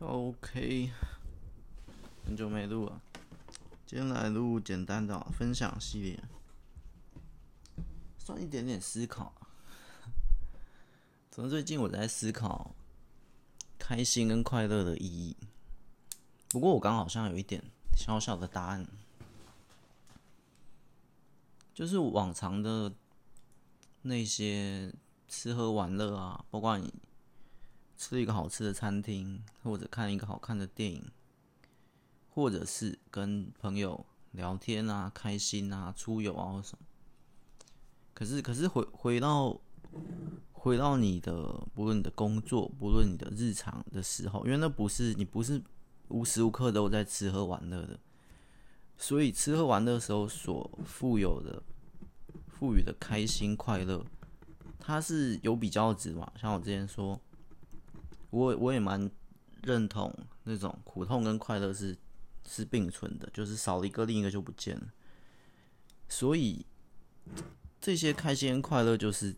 OK，很久沒錄了，今天來錄簡單的、哦、分享系列，算一點點思考。從最近我在思考開心跟快樂的意義，不過我剛好像有一點小小的答案，就是往常的那些吃喝玩樂啊，包括。吃一個好吃的餐廳，或者看一個好看的電影，或者是跟朋友聊天啊、開心啊、出遊啊，或什麼。可是，可是回、回到、回到你的不論你的工作，不論你的日常的時候，因為那不是你不是無時無刻都在吃喝玩樂的，所以吃喝玩樂的時候所富有的、賦予的開心快樂，它是有比較值嘛？像我之前說。我我也蠻認同那種苦痛跟快樂是是並存的，就是少了一個另一個就不見了。所以這，這些開心快樂就是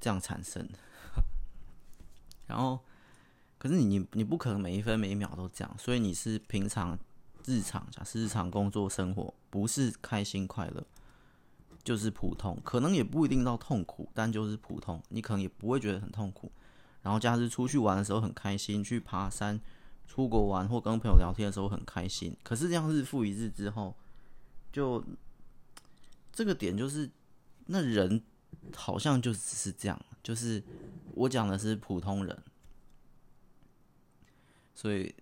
這樣產生的。 然後，可是你你你不可能每一分每一秒都這樣，所以你是平常日常，假設日常工作生活，不是開心快樂，就是普通，可能也不一定到痛苦，但就是普通，你可能也不會覺得很痛苦。然後假日出去玩的時候很開心，去爬山、出國玩或跟朋友聊天的時候很開心。可是這樣日復一日之後，就這個點就是，那人好像就是這樣。就是我講的是普通人，所以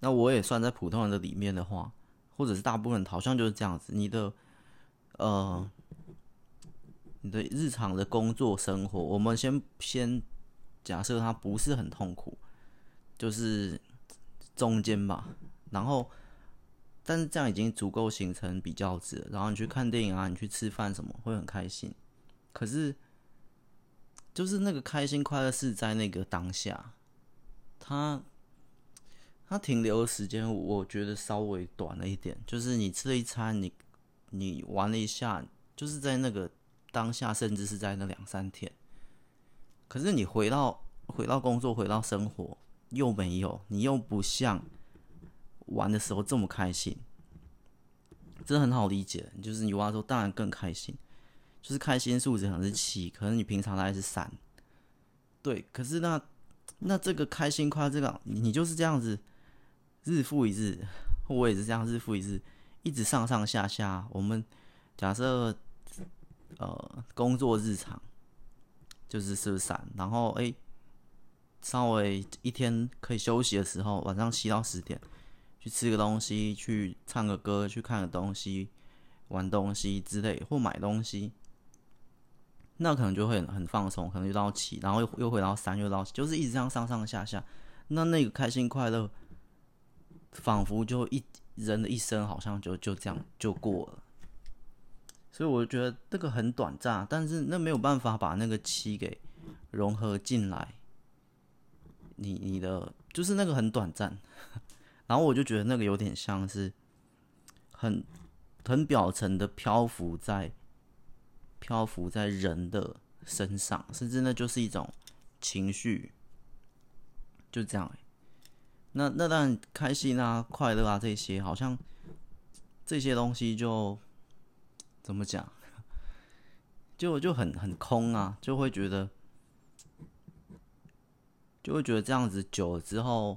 那我也算在普通人的裡面的話，或者是大部分好像就是這樣子。你的呃，你的日常的工作生活，我們先先。假設它不是很痛苦，就是中間吧。然後，但是這樣已經足夠形成比較值。然後你去看電影啊，你去吃飯什麼，會很開心。可是，就是那個開心快樂是在那個當下，他他停留的時間，我覺得稍微短了一點。就是你吃了一餐，你你玩了一下，就是在那個當下，甚至是在那兩三天。可是你回到。回到工作，回到生活，又沒有你，又不像玩的時候這麼開心，這很好理解。就是你玩的時候當然更開心，就是開心數值可能是七，可能你平常大概是3。對。可是那那這個開心快樂這個你，你就是這樣子，日復一日，我也是這樣，日復一日，一直上上下下。我們假設呃工作日常就是是不是三，然後哎。欸稍微一天可以休息的時候，晚上七到十點，去吃個東西，去唱個歌，去看個東西，玩東西之類，或買東西，那可能就會很放鬆，可能就到七，然後又又回到三，又到七，就是一直這樣上上下下。那那個開心快樂，仿佛就一人的一生，好像就就這樣就過了。所以我就覺得這個很短暫，但是那沒有辦法把那個七給融合進來。你你的就是那個很短暫，然後我就覺得那個有點像是很很表層的漂浮在漂浮在人的身上，甚至那就是一種情緒，就這樣。那那當然開心啊、快樂啊這些，好像這些東西就怎麼講，就就很很空啊，就會覺得。就會覺得這樣子久了之後，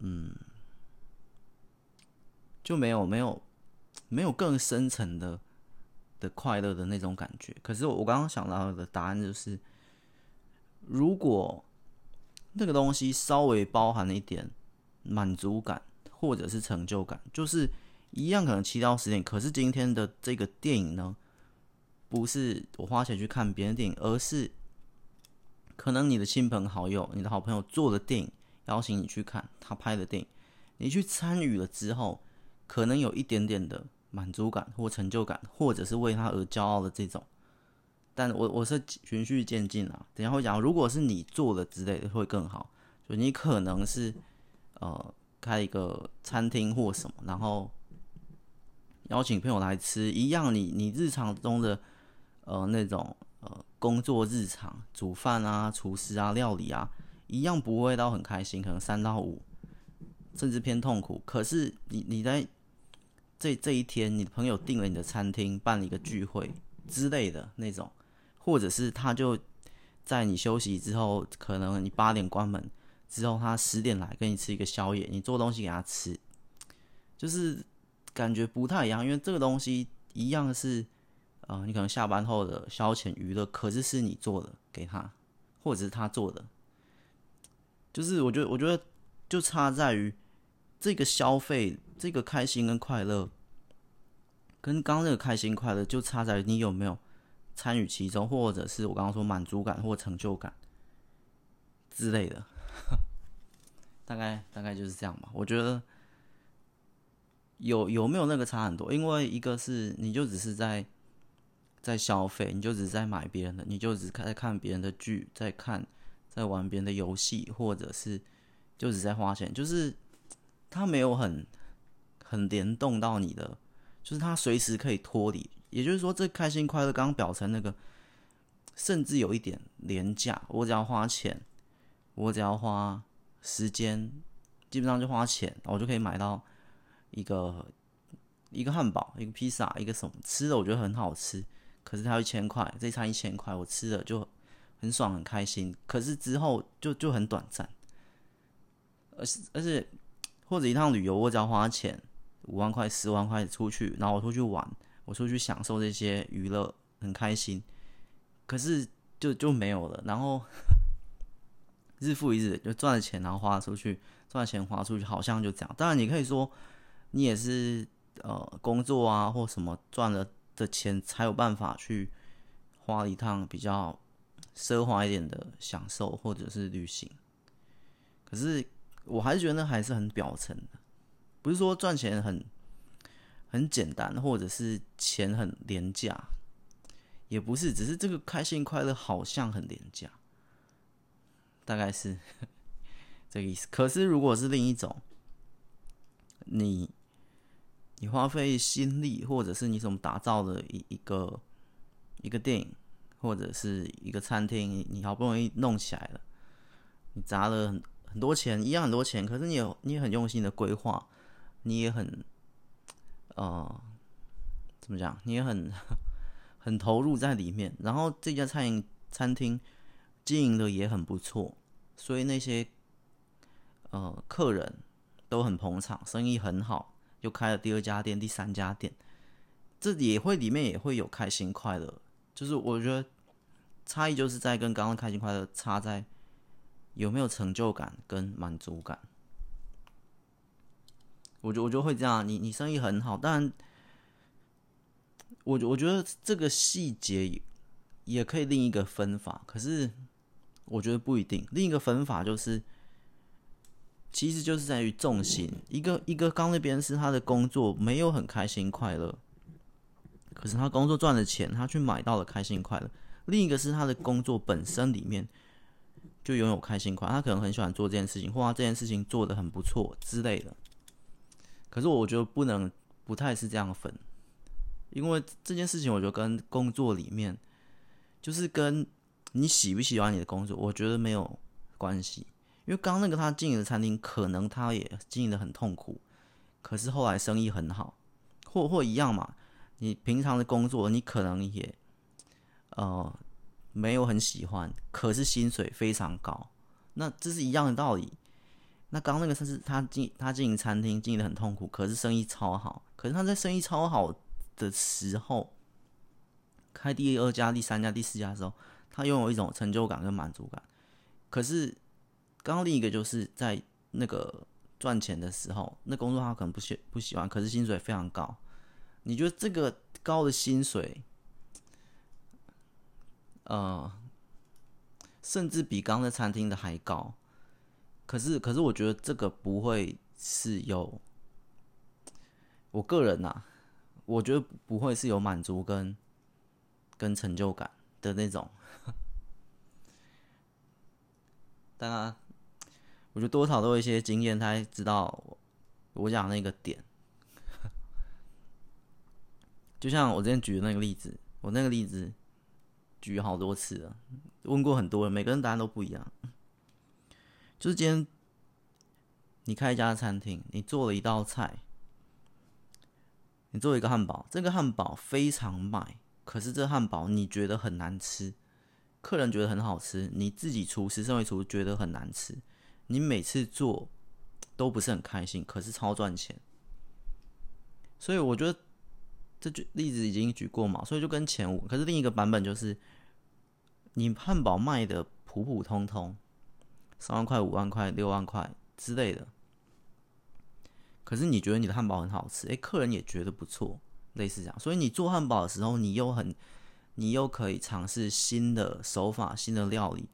嗯，就沒有沒有沒有更深層的的快樂的那種感覺。可是我我剛剛想到的答案就是，如果那個東西稍微包含一點滿足感或者是成就感，就是一樣可能七到十點。可是今天的這個電影呢，不是我花錢去看別人的電影，而是。可能你的親朋好友、你的好朋友做的電影，邀請你去看他拍的電影，你去參與了之後，可能有一點點的滿足感或成就感，或者是為他而驕傲的這種。但我我是循序漸進啊，等下會講。如果是你做的之類的會更好，就你可能是呃開一個餐廳或什麼，然後邀請朋友來吃，一樣你你日常中的呃那種。呃，工作日常煮飯啊、廚師啊、料理啊，一樣不會到很開心，可能三到五，甚至偏痛苦。可是你你在這這一天，你的朋友訂了你的餐廳，辦了一個聚會之類的那種，或者是他就在你休息之後，可能你八點關門之後，他十點來跟你吃一個宵夜，你做東西給他吃，就是感覺不太一樣，因為這個東西一樣是。啊、呃，你可能下班後的消遣娛樂，可是是你做的給他，或者是他做的，就是我覺得，我覺得就差在於這個消費，這個開心跟快樂，跟剛那個開心快樂就差在於你有沒有參與其中，或者是我剛剛說滿足感或成就感之類的， 大概大概就是這樣吧。我覺得有有沒有那個差很多，因為一個是你就只是在。在消費，你就只在買別人的，你就只在看別人的劇，在看，在玩別人的遊戲，或者是就只在花錢，就是他沒有很很聯動到你的，就是他隨時可以脫離。也就是說，這開心快樂剛剛表層那個，甚至有一點廉價。我只要花錢，我只要花時間，基本上就花錢，我就可以買到一個一個漢堡、一個披薩、一個什麼吃的，我覺得很好吃。可是他一千塊，這一餐一千塊，我吃了就很爽很開心。可是之後就就很短暫，而是而是或者一趟旅遊我只要花錢五萬塊、十萬塊出去，然後我出去玩，我出去享受這些娛樂很開心，可是就就沒有了。然後呵呵日復一日就賺了錢，然後花出去，賺了錢花了出去，好像就這樣。當然你可以說你也是呃工作啊或什麼賺了。的錢才有辦法去花一趟比較奢華一點的享受或者是旅行，可是我還是覺得還是很表層的，不是說賺錢很很簡單，或者是錢很廉價，也不是，只是這個開心快樂好像很廉價，大概是這個意思。可是如果是另一種，你。你花費心力，或者是你怎麼打造的一一個一個電影，或者是一個餐廳，你好不容易弄起來了，你砸了很很多錢，一樣很多錢，可是你有你也很用心的規劃，你也很，呃，怎麼講，你也很很投入在裡面，然後這家餐飲餐廳經營的也很不錯，所以那些呃客人都很捧場，生意很好。就開了第二家店，第三家店，這也會裡面也會有開心快樂，就是我覺得差異就是在跟剛剛開心快樂差在有沒有成就感跟滿足感。我覺我就會這樣，你你生意很好，但我我覺得這個細節也可以另一個分法，可是我覺得不一定。另一個分法就是。其實就是在於重心，一個一個剛那邊是他的工作沒有很開心快樂，可是他工作賺了錢，他去買到了開心快樂。另一個是他的工作本身裡面就擁有開心快樂，他可能很喜歡做這件事情，或他這件事情做得很不錯之類的。可是我覺得不能不太是這樣分，因為這件事情我覺得跟工作裡面就是跟你喜不喜歡你的工作，我覺得沒有關係。因為剛剛那個他經營的餐廳，可能他也經營的很痛苦，可是後來生意很好，或或一樣嘛。你平常的工作，你可能也呃沒有很喜歡，可是薪水非常高。那這是一樣的道理。那剛剛那個是他是他經他經營餐廳經營的很痛苦，可是生意超好。可是他在生意超好的時候，開第二家、第三家、第四家的時候，他擁有一種成就感跟滿足感。可是。剛剛另一個就是在那個賺錢的時候，那工作他可能不喜不喜歡，可是薪水非常高。你覺得這個高的薪水，呃，甚至比剛才餐廳的還高。可是，可是我覺得這個不會是有，我個人吶、啊，我覺得不會是有滿足跟跟成就感的那種。當然。我覺得多少都有一些經驗，他知道我，我講的那個點。 就像我之前舉的那個例子，我那個例子舉好多次了，問過很多人，每個人答案都不一樣。就是今天你開一家餐廳，你做了一道菜，你做了一個漢堡，這個漢堡非常賣，可是這漢堡你覺得很難吃，客人覺得很好吃，你自己廚師身為廚師覺得很難吃。你每次做都不是很開心，可是超賺錢。所以我覺得這句例子已經舉過嘛，所以就跟前五。可是另一個版本就是，你漢堡賣的普普通通，三萬塊、五萬塊、六萬塊之類的，可是你覺得你的漢堡很好吃，哎、欸，客人也覺得不錯，類似這樣。所以你做漢堡的時候，你又很，你又可以嘗試新的手法、新的料理、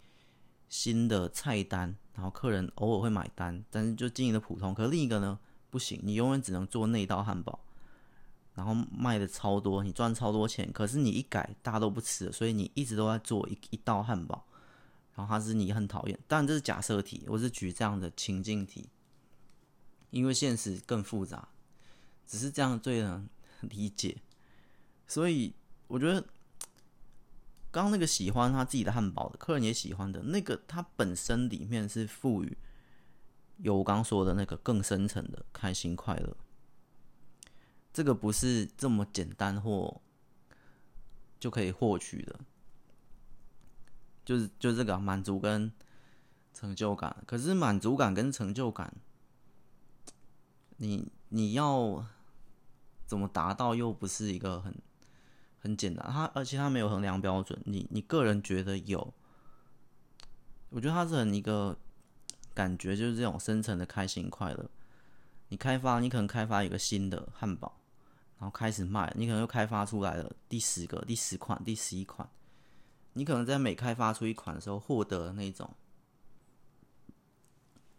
新的菜單。然後客人偶爾會買單，但是就經營的普通。可另一個呢不行，你永遠只能做那一道漢堡，然後賣的超多，你賺超多錢。可是你一改，大家都不吃了，所以你一直都在做一一道漢堡。然後他是你很討厭。但這是假設題，我是舉這樣的情境題，因為現實更複雜，只是這樣最能理解。所以我覺得。剛剛那個喜歡他自己的漢堡的客人也喜歡的那個，他本身裡面是賦予有我剛說的那個更深層的開心快樂。這個不是這麼簡單或就可以獲取的，就是就這個啊，滿足跟成就感。可是滿足感跟成就感，你你要怎麼達到又不是一個很。很簡單，他，而且它沒有衡量標準。你你個人覺得有，我覺得它是很一個感覺，就是這種深層的開心快樂。你開發，你可能開發一個新的漢堡，然後開始賣，你可能又開發出來了第十個、第十款、第十一款。你可能在每開發出一款的時候，獲得那種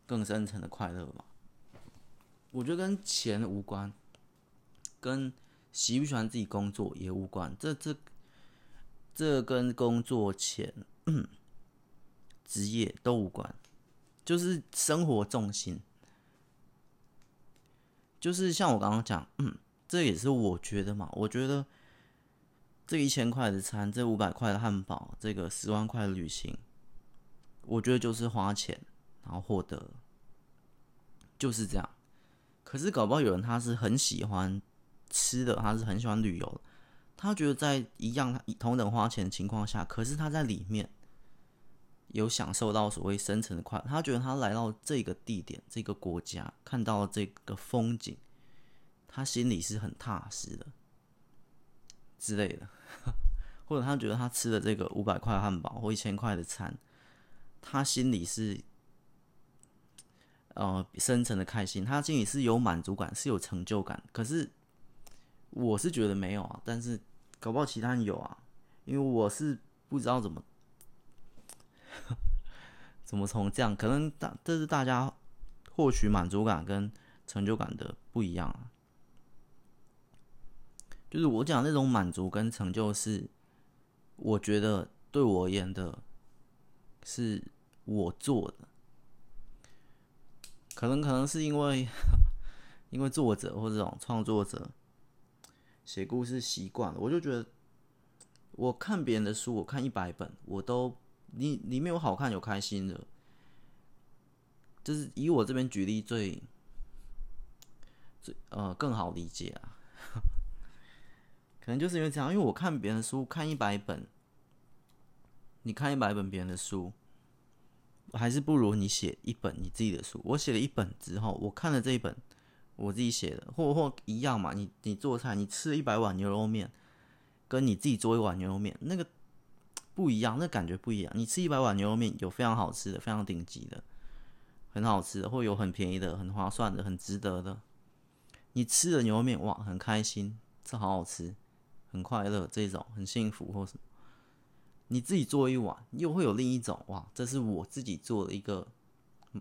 更深層的快樂吧。我覺得跟錢無關，跟。喜不喜歡自己工作也無關，這這這跟工作錢，嗯，職業都無關，就是生活重心。就是像我剛剛講，嗯，這也是我覺得嘛，我覺得這一千塊的餐，這五百塊的漢堡，這個十萬塊的旅行，我覺得就是花錢然後獲得，就是這樣。可是搞不好有人他是很喜歡。吃的，他是很喜歡旅遊的。他覺得在一樣同等花錢的情況下，可是他在裡面有享受到所謂深層的快樂。他覺得他來到這個地點、這個國家，看到這個風景，他心裡是很踏實的之類的。 或者他覺得他吃的這個五百塊漢堡或一千塊的餐，他心裡是呃深層的開心，他心裡是有滿足感，是有成就感。可是。我是覺得沒有啊，但是搞不好其他人有啊，因為我是不知道怎麼呵呵怎麼從這樣，可能大，這是大家獲取滿足感跟成就感的不一樣啊。就是我講那種滿足跟成就是，是我覺得對我而言的，是我做的，可能可能是因為因為作者或者這種創作者。寫故事習慣了，我就覺得我看別人的書，我看一百本，我都你裡面有好看有開心的，就是以我這邊舉例最最呃更好理解啊， 可能就是因為這樣，因為我看別人的書看一百本，你看一百本別人的書，還是不如你寫一本你自己的書。我寫了一本之後，我看了這一本。我自己寫的，或或一樣嘛？你你做菜，你吃了一百碗牛肉麵，跟你自己做一碗牛肉麵，那個不一樣，那感覺不一樣。你吃一百碗牛肉麵，有非常好吃的，非常頂級的，很好吃的，或有很便宜的，很划算的，很值得的。你吃了牛肉麵，哇，很開心，這好好吃，很快樂，這種很幸福或什麼。你自己做一碗，又會有另一種哇，這是我自己做的一個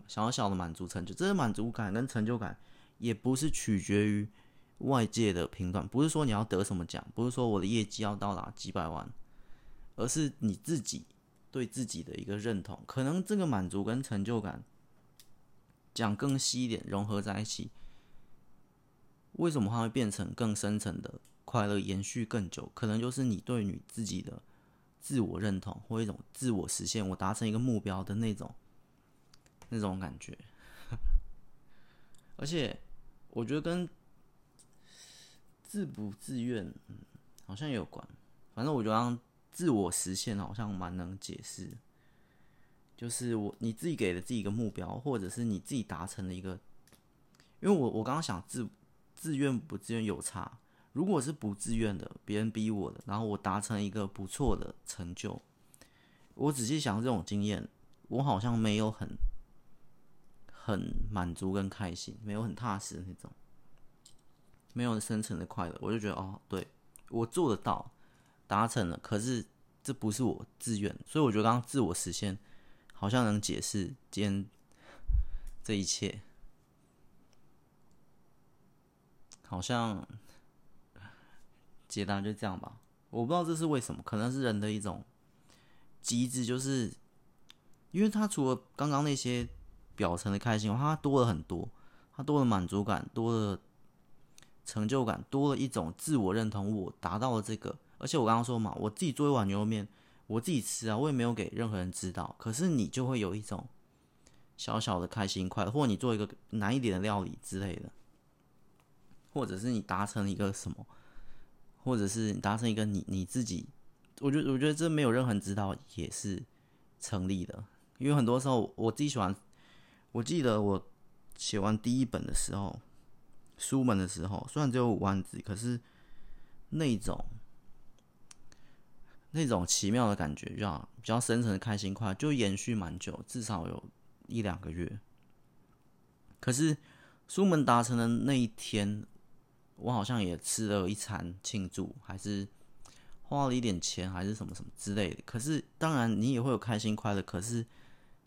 小小的滿足成就，這是滿足感跟成就感。也不是取決於外界的評斷，不是說你要得什麼獎，不是說我的業績要到達幾百萬，而是你自己對自己的一個認同。可能這個滿足跟成就感，講更細一點，融合在一起，為什麼它會變成更深層的快樂，延續更久？可能就是你對你自己的自我認同，或一種自我實現，我達成一個目標的那種，那種感覺，呵呵，而且。我覺得跟自不自願好像也有關，反正我覺得自我實現好像蠻能解釋。就是我你自己給了自己一個目標，或者是你自己達成了一個，因為我我剛剛想自自願不自願有差。如果是不自願的，別人逼我的，然後我達成一個不錯的成就，我仔細想這種經驗，我好像沒有很。很滿足跟開心，沒有很踏實的那種，沒有深層的快樂。我就覺得哦，對，我做得到，達成了，可是這不是我自願，所以我覺得剛剛自我實現好像能解釋今天這一切，好像解答就這樣吧，我不知道這是為什麼，可能是人的一種機制，就是因為他除了剛剛那些。表層的開心，它多了很多，它多了滿足感，多了成就感，多了一種自我認同。我達到了這個，而且我剛剛說嘛，我自己做一碗牛肉麵，我自己吃啊，我也沒有給任何人知道。可是你就會有一種小小的開心快樂，或者你做一個難一點的料理之類的，或者是你達成一個什麼，或者是你達成一個你你自己，我覺得我覺得這沒有任何人知道也是成立的，因為很多時候我，我自己喜歡。我記得我寫完第一本的時候，書門的時候，雖然只有五萬字，可是那種那種奇妙的感覺，比較比較深層的開心快樂，就延續蠻久，至少有一兩個月。可是書門達成的那一天，我好像也吃了一餐慶祝，還是花了一點錢，還是什麼什麼之類的。可是當然你也會有開心快樂，可是，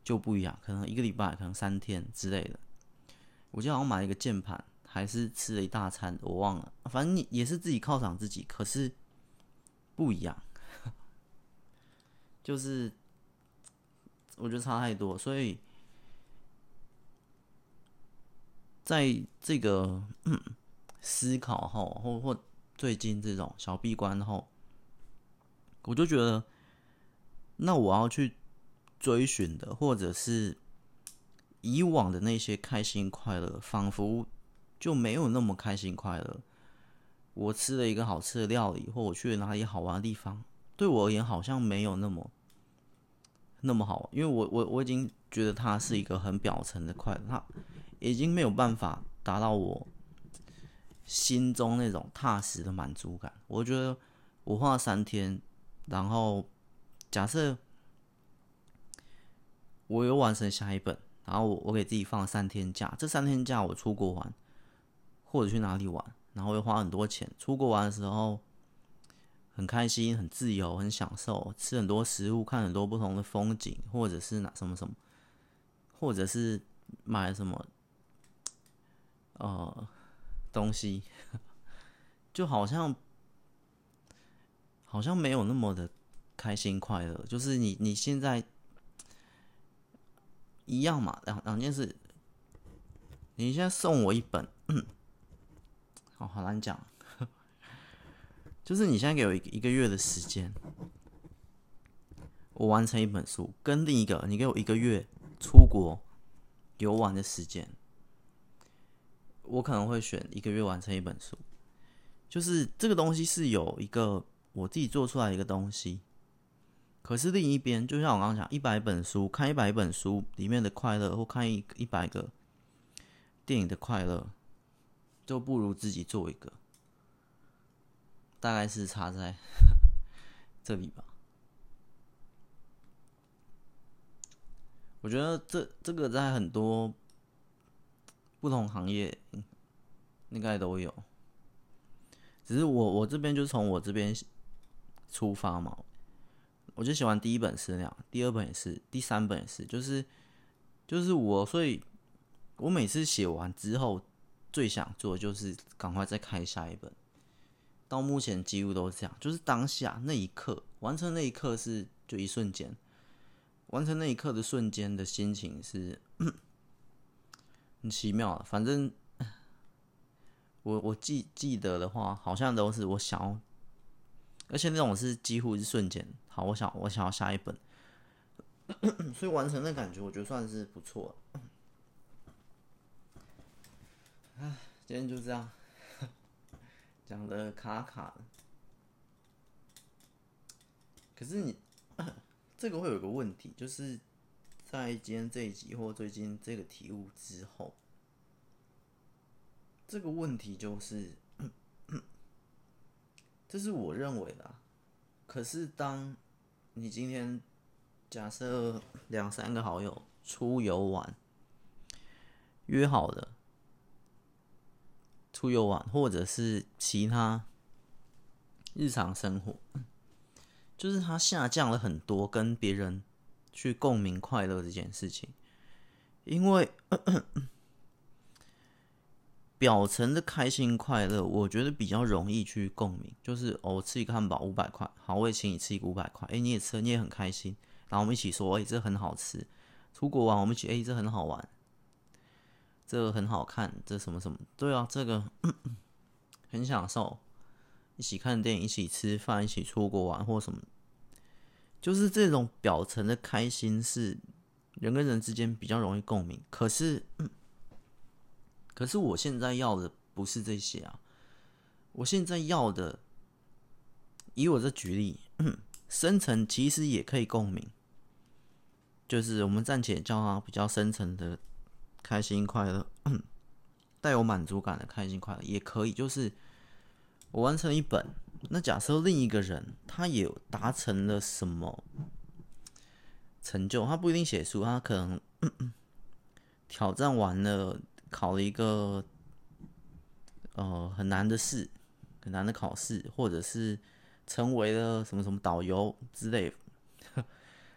就不一樣，可能一個禮拜，可能三天之類的。我就好像買了一個鍵盤，還是吃了一大餐，我忘了。反正你也是自己犒賞自己，可是不一樣， 就是我覺得差太多。所以在這個 思考後，或或最近這種小閉關後，我就覺得，那我要去。追尋的，或者是以往的那些開心快樂，仿佛就沒有那麼開心快樂。我吃了一個好吃的料理，或我去了哪裡好玩的地方，對我而言好像沒有那麼那麼好，因為我我我已經覺得它是一個很表層的快樂，它已經沒有辦法達到我心中那種踏實的滿足感。我覺得我花三天，然後假設。我又完成下一本，然後我我給自己放了三天假。這三天假我出國玩，或者去哪裡玩，然後又花很多錢。出國玩的時候很開心、很自由、很享受，吃很多食物，看很多不同的風景，或者是哪什麼什麼，或者是買什麼呃東西， 就好像好像沒有那麼的開心快樂。就是你你現在。一樣嘛，兩兩件事。你現在送我一本，嗯好難講。就是你現在給我一一個月的時間，我完成一本書，跟另一個你給我一個月出國遊玩的時間，我可能會選一個月完成一本書。就是這個東西是有一個我自己做出來的一個東西。可是另一邊，就像我剛剛講，一百本書看一百本書裡面的快樂，或看一一百個電影的快樂，都不如自己做一個。大概是差在 這裡吧。我覺得這這個在很多不同行業應該都有。只是我我這邊就從我這邊出發嘛。我就喜歡第一本是那樣，第二本也是，第三本也是，就是就是我，所以我每次寫完之後，最想做的就是趕快再開下一本。到目前幾乎都是這樣，就是當下那一刻，完成那一刻是就一瞬間，完成那一刻的瞬間的心情是很奇妙的。反正我我記記得的話，好像都是我想要，而且那種是幾乎是瞬間。好，我想我想要下一本， 所以完成的感覺，我覺得算是不錯。啊，今天就這樣，講的卡卡的。可是你，這個會有一個問題，就是在今天這一集或最近這個題目之後，這個問題就是，這是我認為的啊，可是當。你今天假設兩三個好友出遊玩，約好的出遊玩，或者是其他日常生活，就是它下降了很多，跟別人去共鳴快樂這件事情，因為。 表層的開心快樂，我覺得比較容易去共鳴。就是我、哦、吃一個漢堡五百塊，好，我也請你吃一個五百塊，哎、欸，你也吃，你也很開心。然後我們一起說，哎、欸，這很好吃。出國玩，我們一起，哎、欸，這很好玩。這很好看，這什麼什麼？對啊，這個呵呵很享受。一起看電影，一起吃飯，一起出國玩，或什麼，就是這種表層的開心是，是人跟人之間比較容易共鳴。可是，嗯可是我現在要的不是這些啊！我現在要的，以我這舉例，深層其實也可以共鳴，就是我們暫且叫它比較深層的開心快樂，帶有滿足感的開心快樂也可以。就是我完成一本，那假設另一個人他也達成了什麼成就，他不一定寫書，他可能挑戰完了。考了一個、呃、很難的事，很難的考試，或者是成為了什麼什麼導遊之類呵，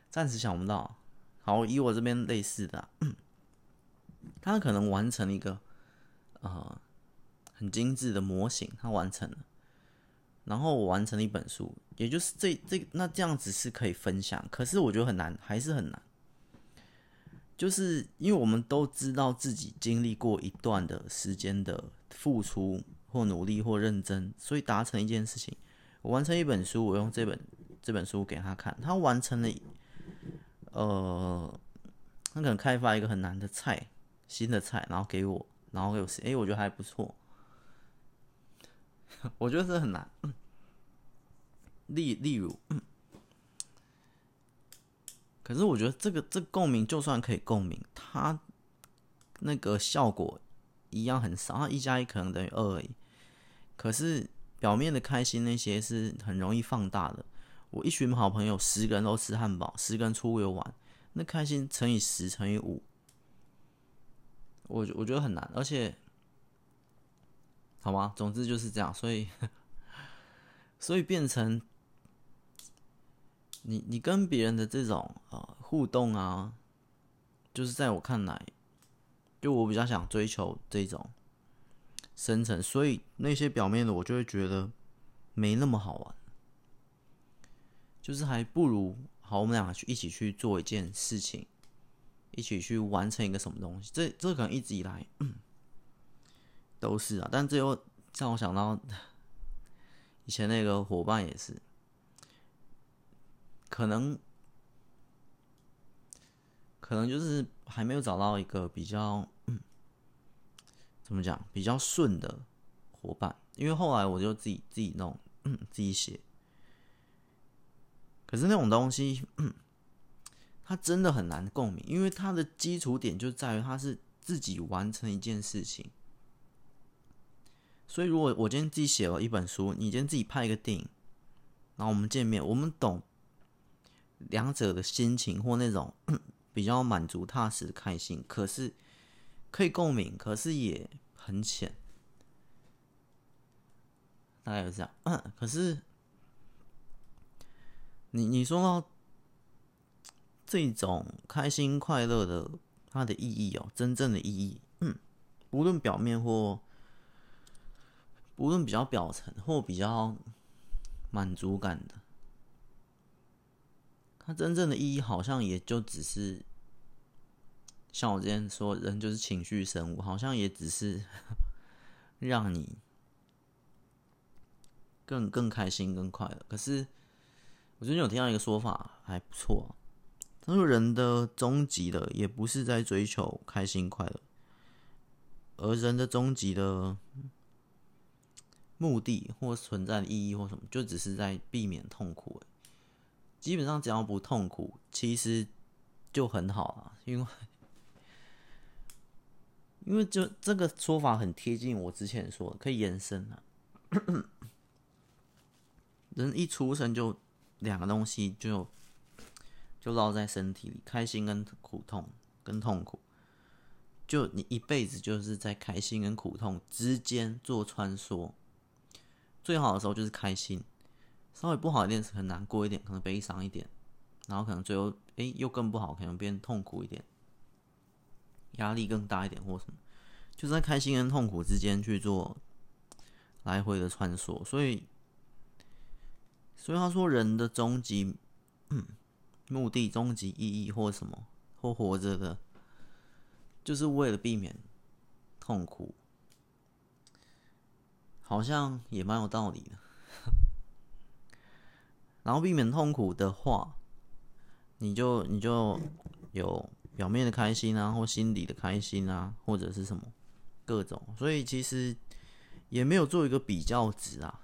暫時想不到。好，以我這邊類似的，啊，他可能完成一個啊、呃、很精緻的模型，他完成了，然後我完成了一本書，也就是這這那這樣子是可以分享，可是我覺得很難，還是很難。就是因為我們都知道自己經歷過一段的時間的付出或努力或認真，所以達成一件事情。我完成一本書，我用這本這本書給他看，他完成了。呃，他可能開發一個很難的菜，新的菜，然後給我，然後給我吃。哎，我覺得還不錯。我覺得這很難。例例如。嗯可是我覺得這個這個、共鳴就算可以共鳴，它那個效果一樣很少。它一加一可能等於二而已。可是表面的開心那些是很容易放大的。我一群好朋友，十個人都吃漢堡，十個人出去遊玩，那開心乘以十乘以五，我我覺得很難。而且，好吧，總之就是這樣，所以 所以變成。你你跟別人的這種啊、呃、互動啊，就是在我看來，就我比較想追求這種深層，所以那些表面的我就會覺得沒那麼好玩，就是還不如好，我們倆去一起去做一件事情，一起去完成一個什麼東西。這這可能一直以來、嗯、都是啊，但最後像我想到以前那個夥伴也是。可能，可能就是還沒有找到一個比較、嗯、怎麼講比較順的夥伴。因為後來我就自己自己弄，嗯、自己寫。可是那種東西，嗯、它真的很難共鳴，因為它的基礎點就在於它是自己完成一件事情。所以，如果我今天自己寫了一本書，你今天自己拍一個電影，然後我們見面，我們懂。兩者的心情或那種比較滿足、踏實、開心，可是可以共鳴，可是也很淺，大概就是這樣。嗯、可是你你說到這種開心、快樂的它的意義哦，真正的意義，嗯、無論表面或無論比較表層或比較滿足感的。它真正的意義好像也就只是像我之前說，人就是情緒生物，好像也只是讓你更更開心、更快樂。可是我覺得你有聽到一個說法還不錯啊，他、就是、說人的終極的也不是在追求開心快樂，而人的終極的目的或存在的意義或什麼，就只是在避免痛苦欸。基本上只要不痛苦，其實就很好了，因為因為就這個說法很貼近我之前說的，可以延伸了。人一出生就兩個東西就就烙在身體裡，開心跟苦痛跟痛苦，就你一輩子就是在開心跟苦痛之間做穿梭。最好的時候就是開心。稍微不好的一點是很難過一點，可能悲傷一點，然後可能最後，哎、欸、又更不好，可能變痛苦一點，壓力更大一點或什麼，就是在開心跟痛苦之間去做來回的穿梭。所以，所以他說人的終極目的、終極意義或什麼或活着的，就是為了避免痛苦，好像也蠻有道理的。然後避免痛苦的話，你就你就有表面的開心啊，或心底的開心啊，或者是什麼各種，所以其實也沒有做一個比較值，啊，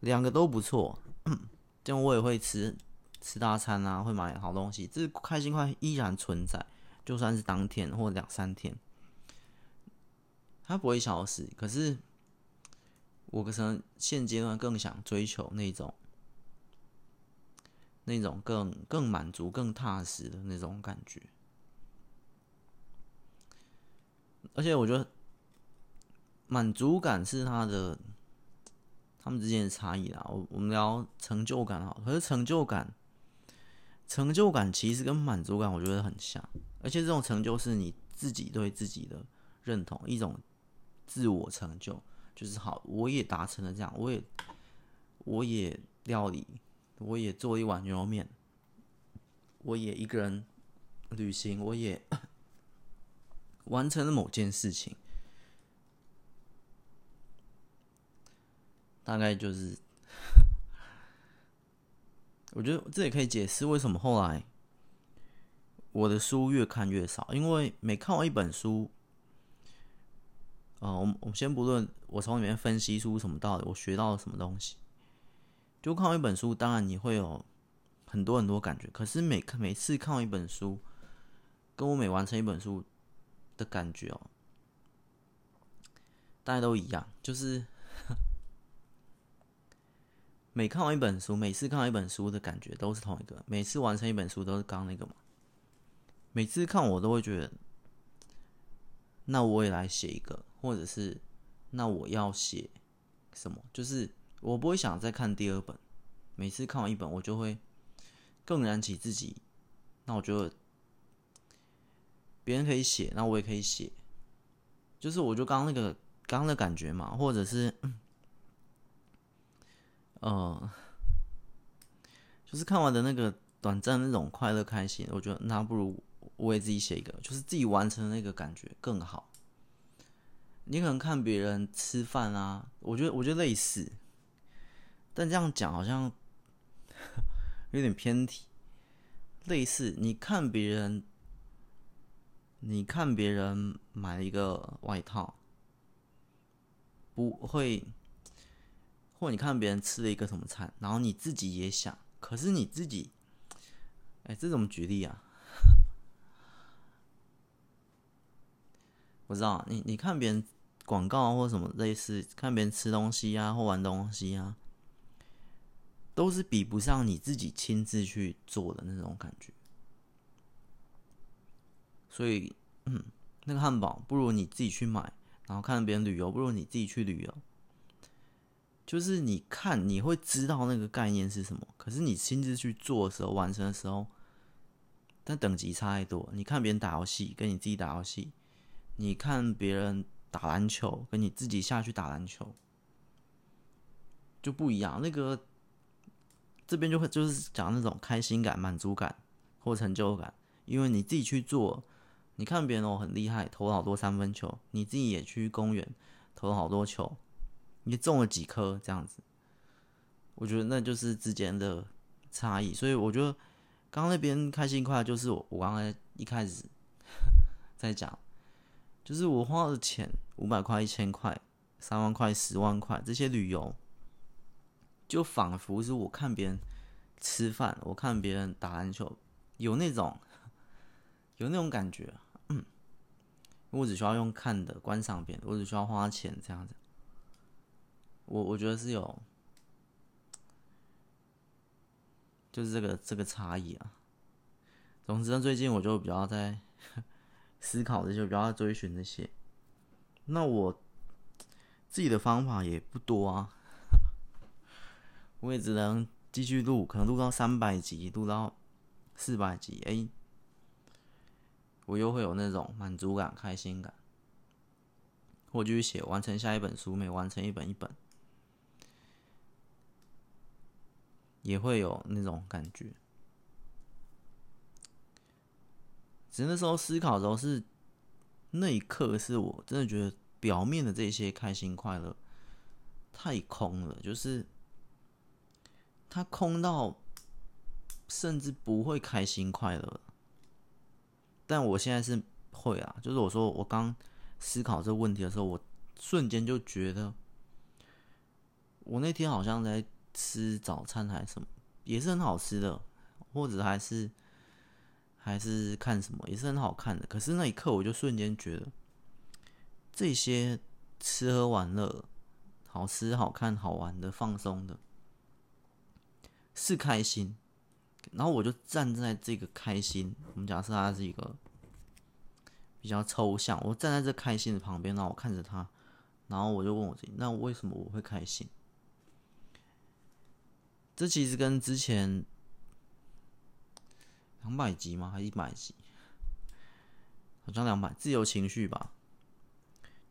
兩個都不錯。這樣我也會吃吃大餐啊，會買好東西，這開心快依然存在，就算是當天或兩三天，它不會消失。可是我可能現階段更想追求那種。那種更更滿足、更踏實的那種感覺，而且我覺得滿足感是他的他們之間的差異啦。我我們聊成就感好，可是成就感，成就感其實跟滿足感我覺得很像，而且這種成就是你自己對自己的認同，一種自我成就，就是好，我也達成了這樣，我也我也料理。我也做一碗牛肉麵，我也一個人旅行，我也 完成了某件事情，大概就是。 我覺得這也可以解釋為什麼後來我的書越看越少，因為每看完一本書，啊、呃，我們我們先不論我從裡面分析出什麼道理，我學到了什麼東西。就看完一本書，當然你會有很多很多感覺。可是每看，每次看完一本書，跟我每完成一本書的感覺哦、喔，大家都一樣，就是每看完一本書，每次看完一本書的感覺都是同一個。每次完成一本書都是剛那個嘛。每次看我都會覺得，那我也來寫一個，或者是那我要寫什麼，就是。我不會想再看第二本。每次看完一本，我就會更燃起自己。那我覺得別人可以寫，那我也可以寫。就是我就剛剛那個剛，剛的感覺嘛，或者是嗯、呃，就是看完的那個短暫的那種快樂開心。我覺得那不如我也自己寫一個，就是自己完成的那個感覺更好。你可能看別人吃飯啊，我覺得我覺得類似。但這樣講好像有點偏題。類似你看別人，你看別人買了一個外套，不會，或你看別人吃了一個什麼菜，然後你自己也想，可是你自己，哎，這怎麼舉例啊？我知道，你你看別人廣告或什麼類似，看別人吃東西啊，或玩東西啊，都是比不上你自己親自去做的那種感覺，所以、嗯、那個漢堡不如你自己去買，然後看別人旅遊不如你自己去旅遊，就是你看你會知道那個概念是什麼，可是你親自去做的時候完成的時候，但等級差太多。你看別人打遊戲跟你自己打遊戲，你看別人打籃球跟你自己下去打籃球就不一樣，那個。這邊就會就是講那種開心感、滿足感或成就感，因為你自己去做，你看別人哦很厲害，投了好多三分球，你自己也去公園投了好多球，你中了幾顆這樣子，我覺得那就是之間的差異。所以我覺得剛剛那邊開心快樂就是我我剛才一開始 在講，就是我花的錢五百塊、一千塊、三萬塊、十萬塊這些旅遊。就仿佛是我看別人吃飯，我看別人打籃球，有那種有那種感覺啊，嗯，我只需要用看的觀賞別人，我只需要花錢這樣子，我我覺得是有，就是這個這個差異啊。總之呢，最近我就比較在思考這些，比較在追尋這些，那我自己的方法也不多啊。我也只能繼續錄，可能錄到三百集，錄到四百集，哎、欸，我又會有那種滿足感、開心感。我就去寫，完成下一本書，每完成一本一本，也會有那種感覺。只是那時候思考的時候是，是那一刻，是我真的覺得表面的這些開心、快樂太空了，就是。他空到，甚至不會開心快樂。但我現在是會啊，就是我說我剛思考這問題的時候，我瞬間就覺得，我那天好像在吃早餐還是什麼，也是很好吃的，或者還是還是看什麼，也是很好看的。可是那一刻，我就瞬間覺得，這些吃喝玩樂、好吃、好看、好玩的、放鬆的。是開心，然後我就站在這個開心，我們假設它是一個比較抽象。我站在這開心的旁邊，然後我看着他，然後我就問我自己：那為什麼我會開心？這其實跟之前兩百集嗎？還是一百集？好像兩百自由情緒吧。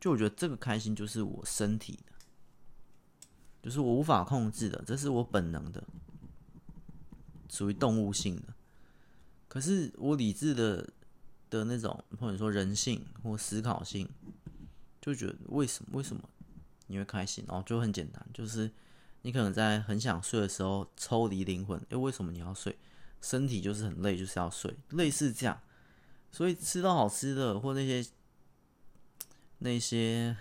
就我覺得這個開心就是我身體的，就是我無法控制的，這是我本能的。屬於動物性的，可是我理智的的那種，或者說人性或思考性，就覺得為什麼，為什麼你會開心？哦，然後就很簡單，就是你可能在很想睡的時候抽離靈魂，又，欸，為什麼你要睡？身體就是很累，就是要睡，類似這樣。所以吃到好吃的或那些那些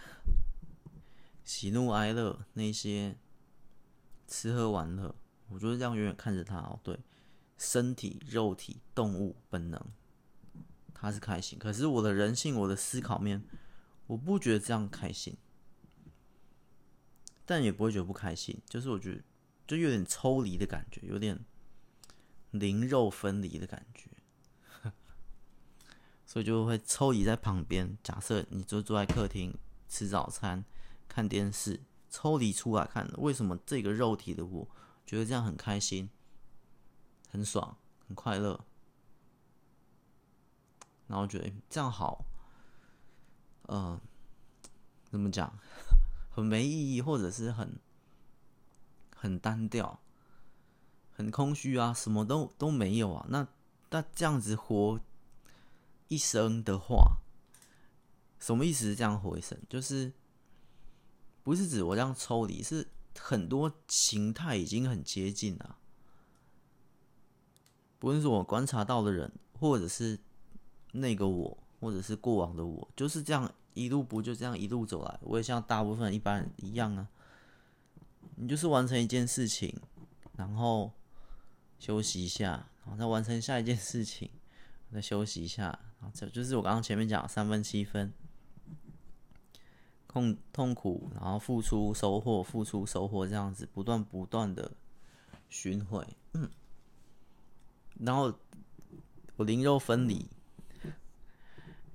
喜怒哀樂，那些吃喝玩樂。我覺得這樣遠遠看着他哦。對，身體、肉體、動物本能，他是開心。可是我的人性、我的思考面，我不覺得這樣開心，但也不會覺得不開心。就是我覺得，就有點抽離的感覺，有點靈肉分離的感覺， 所以就會抽離在旁邊。假設你就坐在客廳吃早餐、看電視，抽離出來看，為什麼這個肉體的我？覺得這樣很開心，很爽，很快樂。然後覺得這樣好，嗯、呃，怎麼講？很沒意義，或者是很很單調，很空虛啊，什麼都都沒有啊。那那這樣子活一生的話，什麼意思？這樣活一生，就是不是指我這樣抽離是？很多形態已經很接近了，不是說我觀察到的人，或者是那個我，或者是過往的我，就是這樣一路不就這樣一路走來。我也像大部分一般人一樣啊，你就是完成一件事情，然後休息一下，然後再完成下一件事情，再休息一下，然後這就是我剛剛前面講的三分七分。痛、痛苦，然後付出收穫，付出收穫這樣子，不斷不斷的循環。嗯，然後我靈肉分離，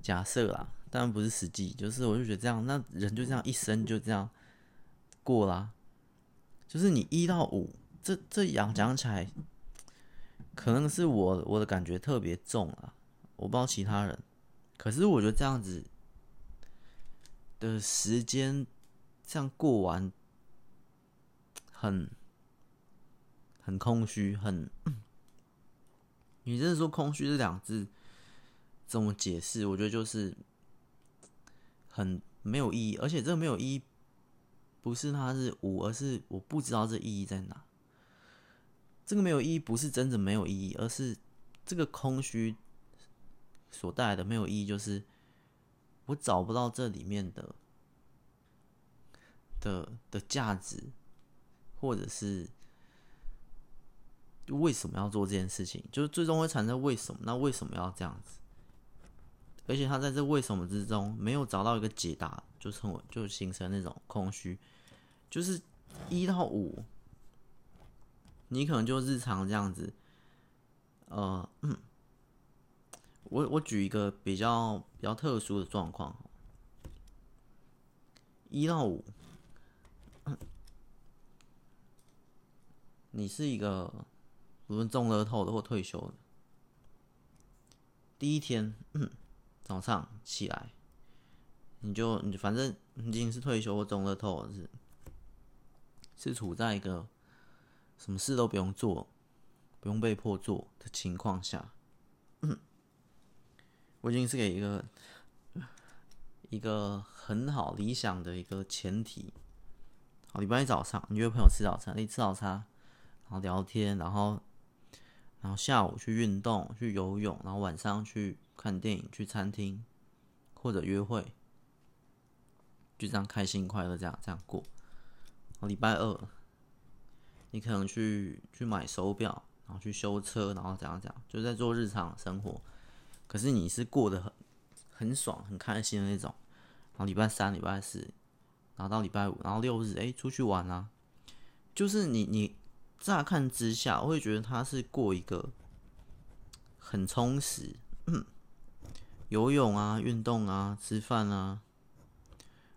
假設啦，但不是實際，就是我就覺得這樣，那人就這樣一生就這樣過啦。就是你一到五，這這樣講起來，可能是我我的感覺特別重啊，我不知道其他人，可是我覺得這樣子。的時間這樣過完，很很空虛，很。你真的說“空虛”這兩字怎麼解釋？我覺得就是很沒有意義，而且這個沒有意義不是它是無，而是我不知道這意義在哪。這個沒有意義不是真的沒有意義，而是這個空虛所帶來的沒有意義就是。我找不到這裡面的的的價值，或者是為什麼要做這件事情，就是最終會產生為什麼？那為什麼要這樣子？而且他在這為什麼之中沒有找到一個解答，就成為就形成那種空虛。就是一到五，你可能就日常這樣子，呃，嗯。我我舉一個比較比較特殊的狀況，一到五，你是一個，無論中了樂透的或退休的，第一天，嗯，早上起來你，你就你反正已經是退休或中了樂透，是是處在一個什麼事都不用做，不用被迫做的情況下。嗯我已經是給一個一個很好理想的一個前提。好，禮拜一早上，你約朋友吃早餐，你吃早餐，然後聊天，然後然後下午去運動，去游泳，然後晚上去看電影，去餐廳或者約會，就這樣開心快樂這樣這樣過。好，禮拜二，你可能去去買手錶，然後去修車，然後怎樣怎樣，就在做日常生活。可是你是過得很很爽，很開心的那種，然後禮拜三、禮拜四，然後到禮拜五，然後六日，哎，出去玩啊！就是你你乍看之下，我會覺得他是過一個很充實，嗯，游泳啊、運動啊、吃飯啊、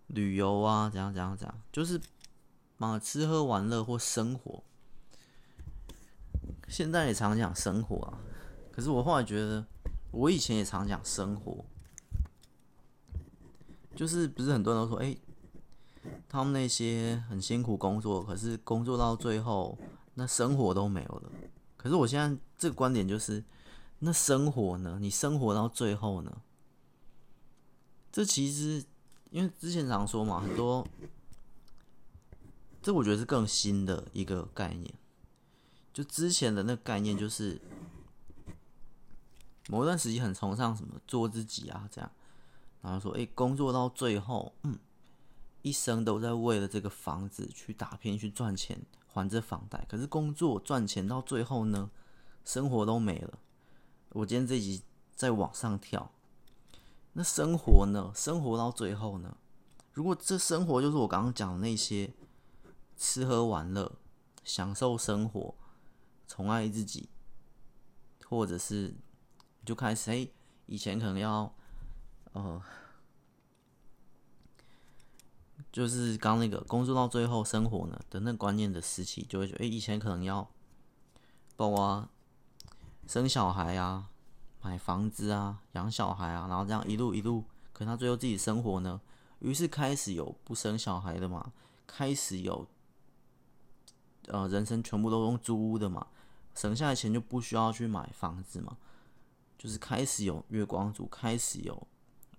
旅遊啊，怎樣怎樣怎樣，就是嘛，吃喝玩樂或生活。現在也常講生活啊，可是我後來覺得。我以前也常講生活，就是不是很多人都說，哎、欸，他們那些很辛苦工作，可是工作到最後，那生活都沒有了。可是我現在這個觀點就是，那生活呢？你生活到最後呢？這其實因為之前常說嘛，很多，這我覺得是更新的一個概念。就之前的那個概念就是。某一段時間很崇尚什麼做自己啊，這樣，然後說，哎、欸，工作到最後，嗯，一生都在為了這個房子去打拼，去賺錢，還這房貸，可是工作賺錢到最後呢，生活都沒了。我今天這集在往上跳，那生活呢？生活到最後呢？如果這生活就是我剛剛講的那些吃喝玩樂、享受生活、寵愛自己，或者是……就開始哎、欸，以前可能要，呃，就是剛那個工作到最後生活呢的那個觀念的時期，就會覺得哎、欸，以前可能要，啊，包括生小孩啊、買房子啊、養小孩啊，然後這樣一路一路，可能他最後自己生活呢，於是開始有不生小孩的嘛，開始有，呃，人生全部都用租屋的嘛，省下來錢就不需要去買房子嘛。就是開始有月光族，開始有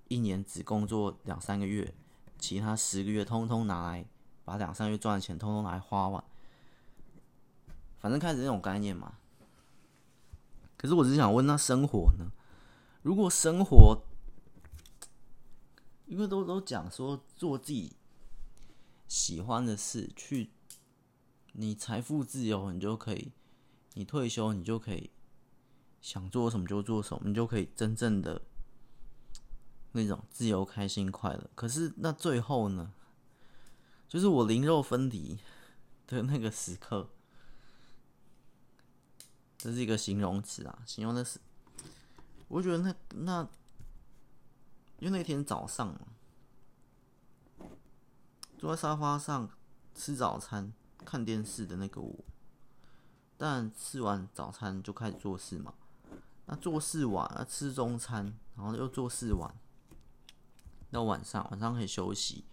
一年只工作兩三個月，其他十個月通通拿來把兩三個月賺的錢通通拿來花完，反正開始那種概念嘛。可是我只是想問，那生活呢？如果生活，因為都都講說做自己喜歡的事去，你財富自由，你就可以，你退休，你就可以。想做什麼就做什麼，你就可以真正的那種自由、開心、快樂。可是那最後呢，就是我靈肉分離的那個時刻，這是一個形容詞啊，形容的是。我覺得那那，因為那天早上坐在沙發上吃早餐、看電視的那個我，但吃完早餐就開始做事嘛。那做事完，那吃中餐，然後又做事完，到晚上，晚上可以休息，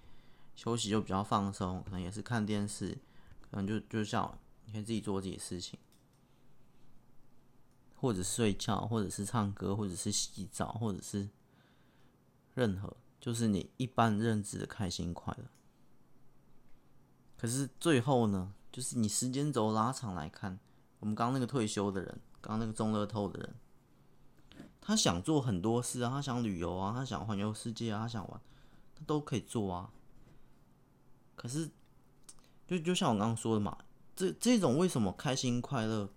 休息就比較放鬆，可能也是看電視，可能就就像你可以自己做自己的事情，或者睡覺，或者是唱歌，或者是洗澡，或者是任何，就是你一般認知的開心快樂。可是最後呢，就是你時間軸拉長來看，我們剛剛那個退休的人，剛剛那個中樂透的人。他想做很多事啊，他想旅遊啊，他想環遊世界啊，他想玩，他都可以做啊。可是，就就像我剛剛說的嘛，這這種為什麼開心快樂？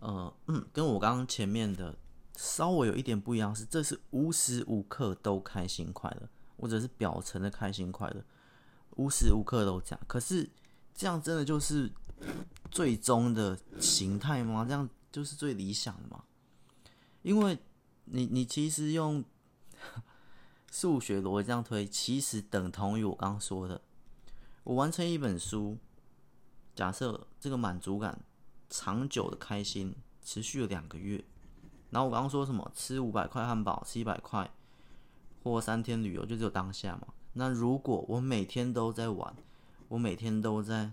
呃，嗯，跟我剛剛前面的稍微有一點不一樣是，這是無時無刻都開心快樂，或者是表層的開心快樂，無時無刻都這樣。可是這樣真的就是最終的形態嗎？這樣就是最理想的嗎？因為你，你其實用數學邏輯這樣推，其實等同於我剛剛說的。我完成一本書，假設這個滿足感長久的開心持續了兩個月，然後我剛剛說什麼？吃五百塊漢堡，吃一百塊，或三天旅遊，就只有當下嘛。那如果我每天都在玩，我每天都在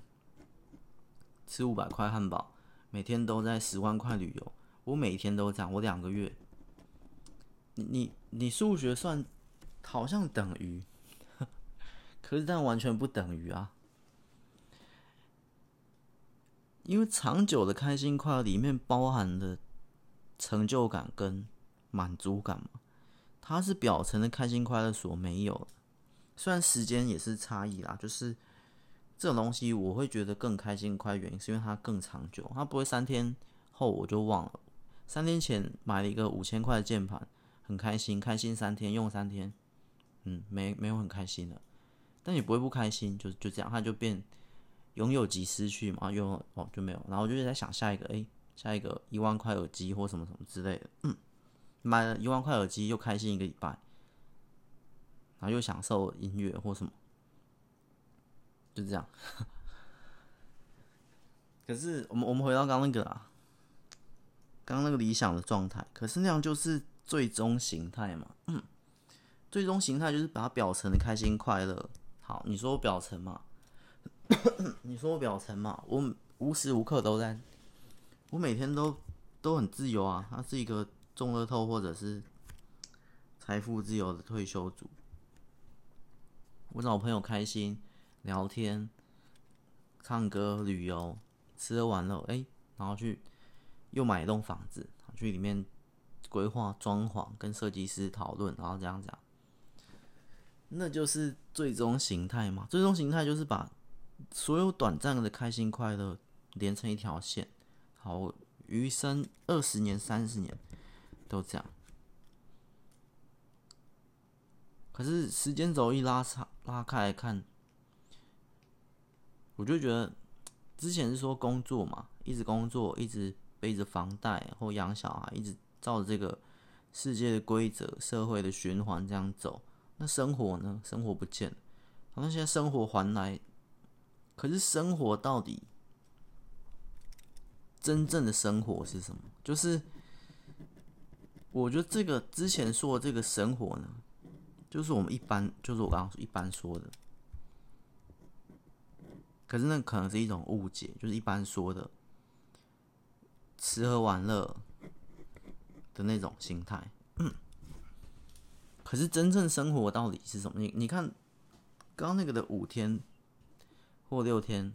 吃五百塊漢堡，每天都在十萬塊旅遊。我每天都這樣，我兩個月，你你你數學算好像等於，可是但完全不等於啊，因為長久的開心快樂裡面包含了成就感跟滿足感嘛，它是表層的開心快樂所沒有的。雖然時間也是差異啦，就是這種東西我會覺得更開心快樂，原因是因為它更長久，它不會三天後我就忘了。三天前買了一個五千塊的鍵盤，很開心，開心三天，用三天，嗯，沒沒有很開心了，但也不會不開心，就就這樣，它就變擁有即失去嘛，然後又哦就沒有，然後我就在想下一個，哎、欸，下一個一萬塊耳機或什麼什麼之類的，嗯，買了一萬塊耳機又開心一個禮拜，然後又享受音樂或什麼，就這樣。 可是我們我們回到剛剛那個啊。剛剛那個理想的狀態，可是那樣就是最終形態嘛？嗯，最終形態就是把它表層的開心快樂。好，你說我表層嘛呵呵？你說我表層嘛？我無時無刻都在，我每天都都很自由啊。他、啊、是一個中樂透或者是財富自由的退休族。我找朋友開心聊天、唱歌、旅遊、吃喝玩樂，哎，然後去。又買一棟房子，去裡面規劃裝潢，跟設計師討論，然後這樣講，那就是最終形態嘛。最終形態就是把所有短暫的開心快樂連成一條線。好，餘生二十年、三十年都這樣。可是時間軸一拉長拉開來看，我就覺得之前是說工作嘛，一直工作，一直。背着房貸或養小孩，一直照着這個世界的規則、社會的循環這樣走，那生活呢？生活不見，好像現在生活還來，可是生活到底真正的生活是什麼？就是我覺得這個之前說的這個生活呢，就是我們一般就是我剛剛一般說的，可是那可能是一種誤解，就是一般說的。吃喝玩樂的那種心態，可是真正生活到底是什麼？你你看，剛剛那個的五天或六天，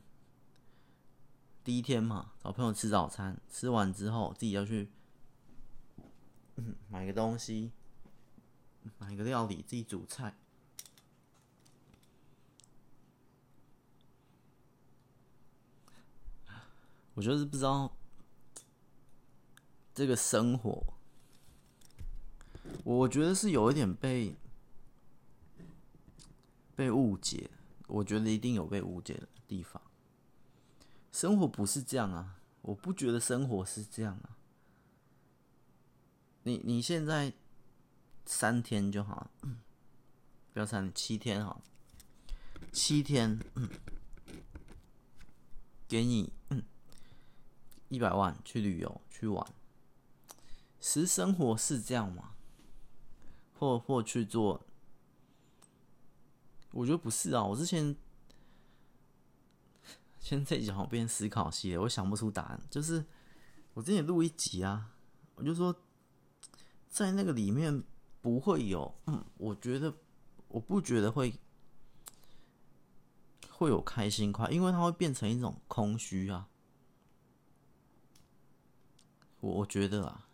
第一天嘛，找朋友吃早餐，吃完之後自己要去買個東西，買個料理，自己煮菜。我就是不知道。這個生活，我覺得是有一點被被誤解。我覺得一定有被誤解的地方。生活不是這樣啊！我不覺得生活是這樣啊。你你現在三天就好了，嗯、不要三天，七天哈，七天，嗯、給你、嗯、一百萬去旅遊去玩。實生活是這樣嗎？或或去做？我覺得不是啊。我之前，現在幾好變思考系列，我想不出答案。就是我之前錄一集啊，我就說，在那個裡面不會有，嗯，我覺得我不覺得會會有開心快，因為它會變成一種空虛啊。我我覺得啊。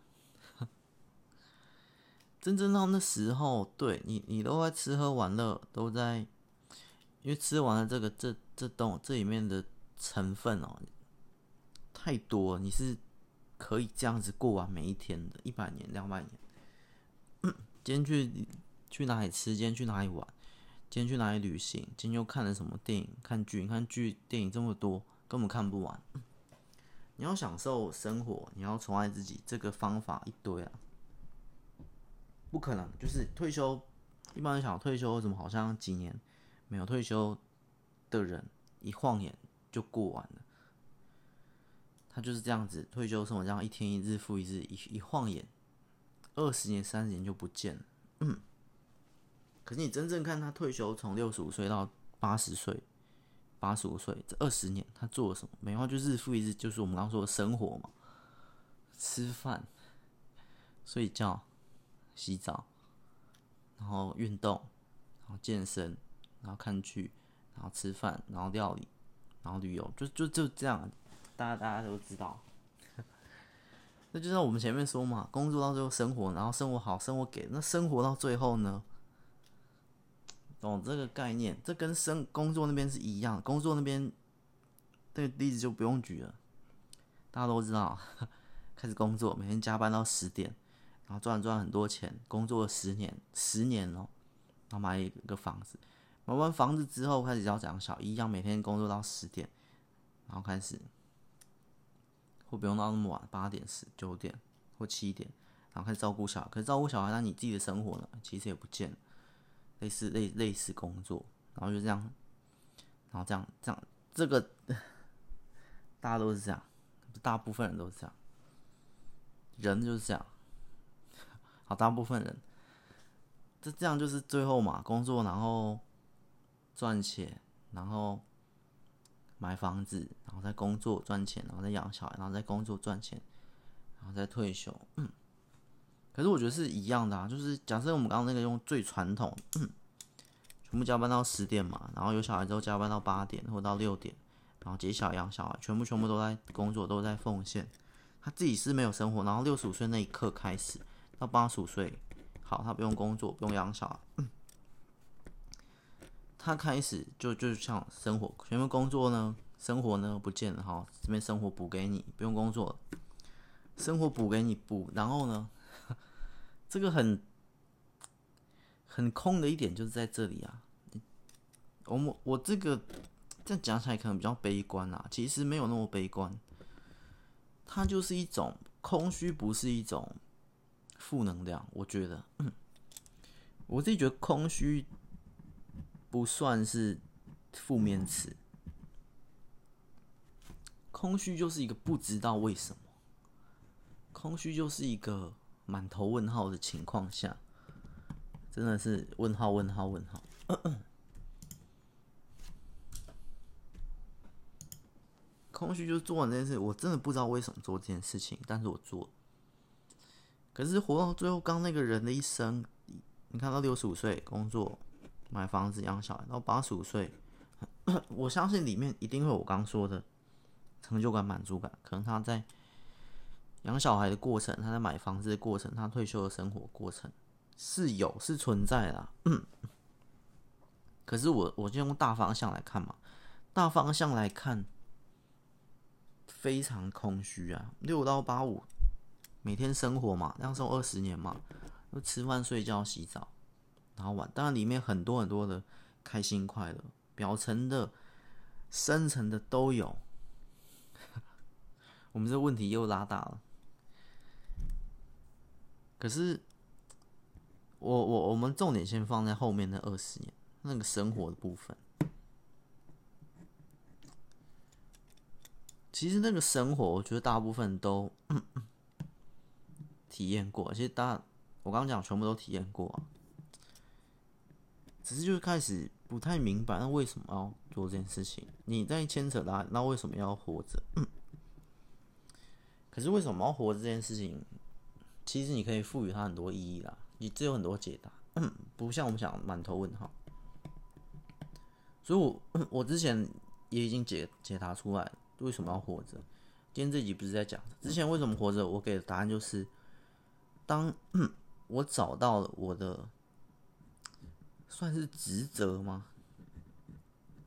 真正到那時候，對你，你都在吃喝玩樂，都在，因為吃完了這個，這這棟，這裡面的成分哦，太多了，你是可以這樣子過完、啊、每一天的，一百年兩百年。嗯，今天去去哪裡吃？今天去哪裡玩？今天去哪裡旅行？今天又看了什麼電影、看劇？你看劇、電影這麼多，根本看不完。你要享受生活，你要寵愛自己，這個方法一堆啊。不可能，就是退休，一般人想退休，怎麼好像幾年沒有退休的人，一晃眼就過完了。他就是這樣子，退休生活這樣一天一日復一日，一一晃眼，二十年、三十年就不見了。嗯。可是你真正看他退休65，從六十五歲到八十歲、八十五歲這二十年，他做了什麼？沒有，就是、日復一日，就是我們剛剛說的生活嘛，吃飯、睡覺。洗澡，然後運動，然後健身，然後看劇，然後吃飯，然後料理，然後旅遊，就就就這樣，大家大家都知道。 那就像我們前面說嘛，工作到最後生活，然後生活好，生活給那生活到最後呢，懂這個概念？這跟生工作那邊是一樣，工作那邊對，那個例子就不用舉了，大家都知道，開始工作，每天加班到十點。然後賺賺很多錢，工作了十年，十年嘍，然後買一個，一個房子，買完房子之後開始要講小一，要每天工作到十點，然後開始，會不用到那麼晚，八點、十、九點或七點，然後開始照顧小孩。可是照顧小孩，那你自己的生活呢？其實也不見，類似類類似工作，然後就這樣，然後這樣這樣，這個大家都是這樣，大部分人都是這樣。人就是這樣。好，大部分人，這這樣就是最後嘛，工作，然後賺錢，然後買房子，然後再工作賺錢，然後再養小孩，然後再工作賺錢，然後再退休。嗯，可是我覺得是一樣的啊，就是假設我們剛剛那個用最傳統，嗯，全部加班到十點嘛，然後有小孩之後加班到八點或者到六點，然後接小孩養小孩，全部全部都在工作，都在奉獻，他自己是沒有生活，然後六十五歲那一刻開始，他八十五歲，好，他不用工作，不用養小孩。嗯，他開始就就像生活全部工作呢，生活呢不見了哈，這邊生活補給你，不用工作了，生活補給你補，然後呢，這個很很空的一點就是在這裡啊，我們我這個這樣講起來可能比較悲觀啦，其實沒有那麼悲觀，它就是一種空虛，不是一種。負能量，我覺得，嗯、我自己覺得空虛不算是負面詞。空虛就是一個不知道為什麼，空虛就是一個滿頭問號的情況下，真的是問號問號問號。嗯嗯、空虛就是做完這件事，我真的不知道為什麼做這件事情，但是我做了。可是活到最後，剛那個人的一生，你看到六十五歲工作、買房子、養小孩到八十五歲，我相信裡面一定會有我剛說的成就感、滿足感，可能他在養小孩的過程，他在買房子的過程，他退休的生活過程是有是存在的啊，呵呵。可是我我就用大方向來看嘛，大方向來看非常空虛啊，六到八五。每天生活嘛，那時候二十年嘛，就吃飯、睡覺、洗澡，然後玩。當然裡面很多很多的開心、快樂、表層的、深層的都有。 我們這問題又拉大了。可是，我我我們重點先放在後面那二十年那個生活的部分。其實那個生活，我覺得大部分都。 體驗過，其實大家我剛剛講全部都體驗過，啊，只是就是開始不太明白，那為什麼要做這件事情？你在牽扯他，那為什麼要活着？ 可是為什麼要活着這件事情，其實你可以賦予它很多意義啦，你這有很多解答， 不像我們想滿頭問號。所以我我之前也已經解解答出來為什麼要活着？今天這集不是在講之前為什麼活着？我給的答案就是。當我找到了我的，算是職責嗎？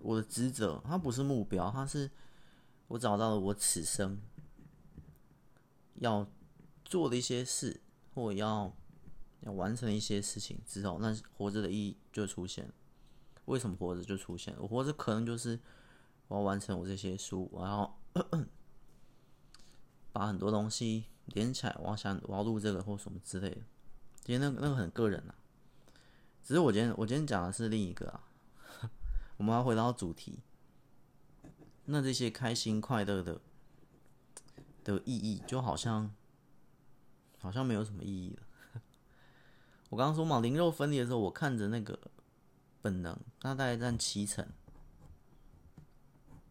我的職責，它不是目標，它是我找到了我此生要做的一些事，或要要完成一些事情，之後，那活着的意義就出現了。為什麼活着就出現？我活着可能就是我要完成我這些書，我要把很多東西。連起來我要，我想我要錄這個或什麼之類的。今天那個那個很個人啊，只是我今天我今天講的是另一個啊。我們要回到主題，那這些開心快樂的的意義，就好像好像沒有什麼意義了。我剛剛說嘛，靈肉分離的時候，我看着那個本能，那大概佔七成，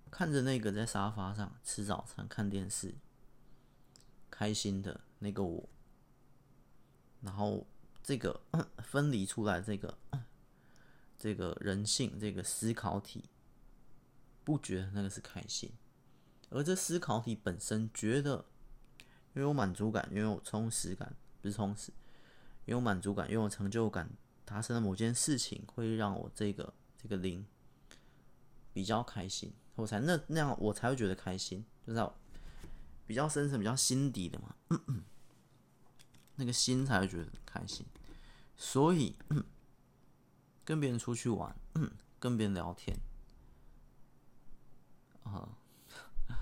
看着那個在沙發上吃早餐看電視。開心的那個我，然後這個分離出來，這個、這個、這個人性，這個思考體，不覺得那個是開心，而這思考體本身覺得，擁有滿足感，擁有充實感，不是充實，擁有滿足感，擁有成就感，達成了某件事情，會讓我這個這個靈比較開心，我才那那樣我才會覺得開心，就知道。比較深層、比較心底的嘛，嗯嗯，那個心才會覺得很開心。所以，嗯，跟別人出去玩，嗯，跟別人聊天啊，呃，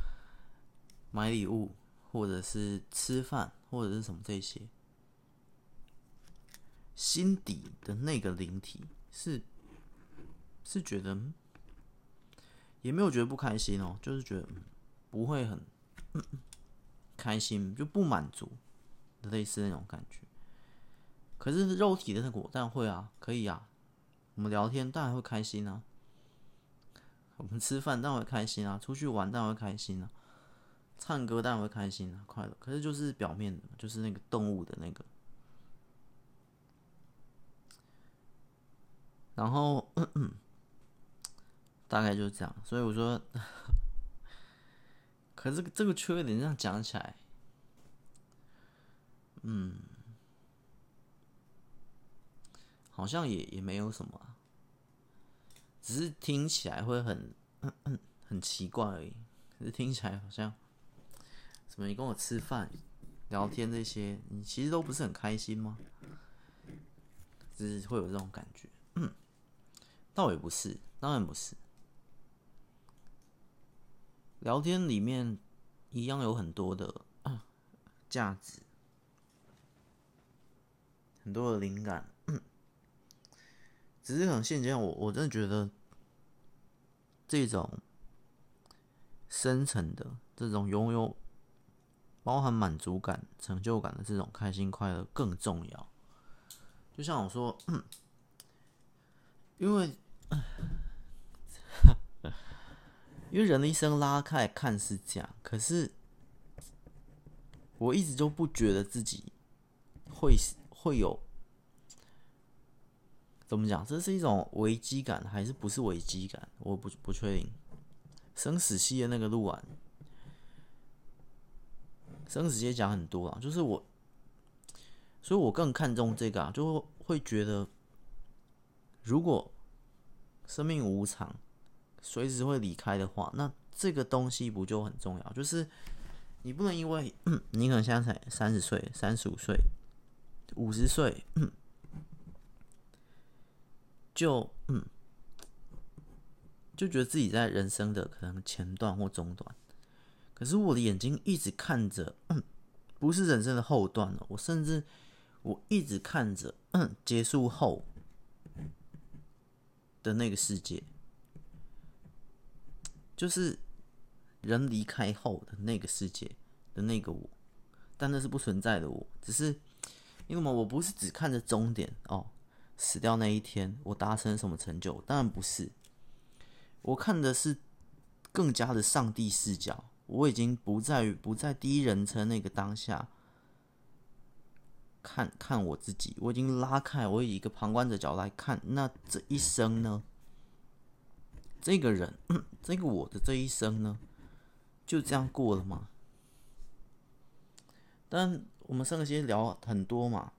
買禮物，或者是吃飯，或者是什麼這些，心底的那個靈體是是覺得也沒有覺得不開心哦，就是覺得不會很。嗯開心就不滿足，類似那種感覺。可是肉體的那，果，但會啊，可以啊。我們聊天當然會開心啊，我們吃飯當然會開心啊，出去玩當然會開心啊，唱歌當然會開心啊，快樂。可是就是表面就是那個動物的那個。然後呵呵大概就是這樣，所以我說。可是這個缺、這個、點這樣講起來，嗯，好像也也沒有什麼、啊，只是聽起來會很很很奇怪而已。可是聽起來好像，什麼你跟我吃飯、聊天這些，你其實都不是很開心嗎？只是會有這種感覺，嗯，倒也不是，當然不是。聊天裡面一樣有很多的啊、價值，很多的靈感、嗯，只是可能現階段我我真的覺得這種深層的這種擁有包含滿足感、成就感的這種開心快樂更重要。就像我說，嗯、因為。嗯因為人的一生拉開來看是這樣，可是我一直都不覺得自己會會有怎麼講，這是一種危機感，還是不是危機感？我不不確定。生死系的那個錄完，生死系也講很多啊，就是我，所以我更看重這個啊，就會會覺得，如果生命無常。隨時會離開的話，那這個東西不就很重要？就是你不能因為、嗯、你可能現在才三十歲、三十五歲、五十歲，就嗯，就覺得自己在人生的可能前段或中段。可是我的眼睛一直看着、嗯，不是人生的後段了。我甚至我一直看着、嗯、結束後的那個世界。就是人離開後的那個世界的那個我，但那是不存在的我。只是因為我我不是只看着終點哦，死掉那一天我達成什麼成就，當然不是。我看的是更加的上帝視角，我已經不在於不在第一人稱那個當下看看我自己，我已經拉開，我以一個旁觀者角度來看，那這一生呢？這個人，這個我的這一生呢，就這樣過了嗎？但我們三個先聊很多嘛，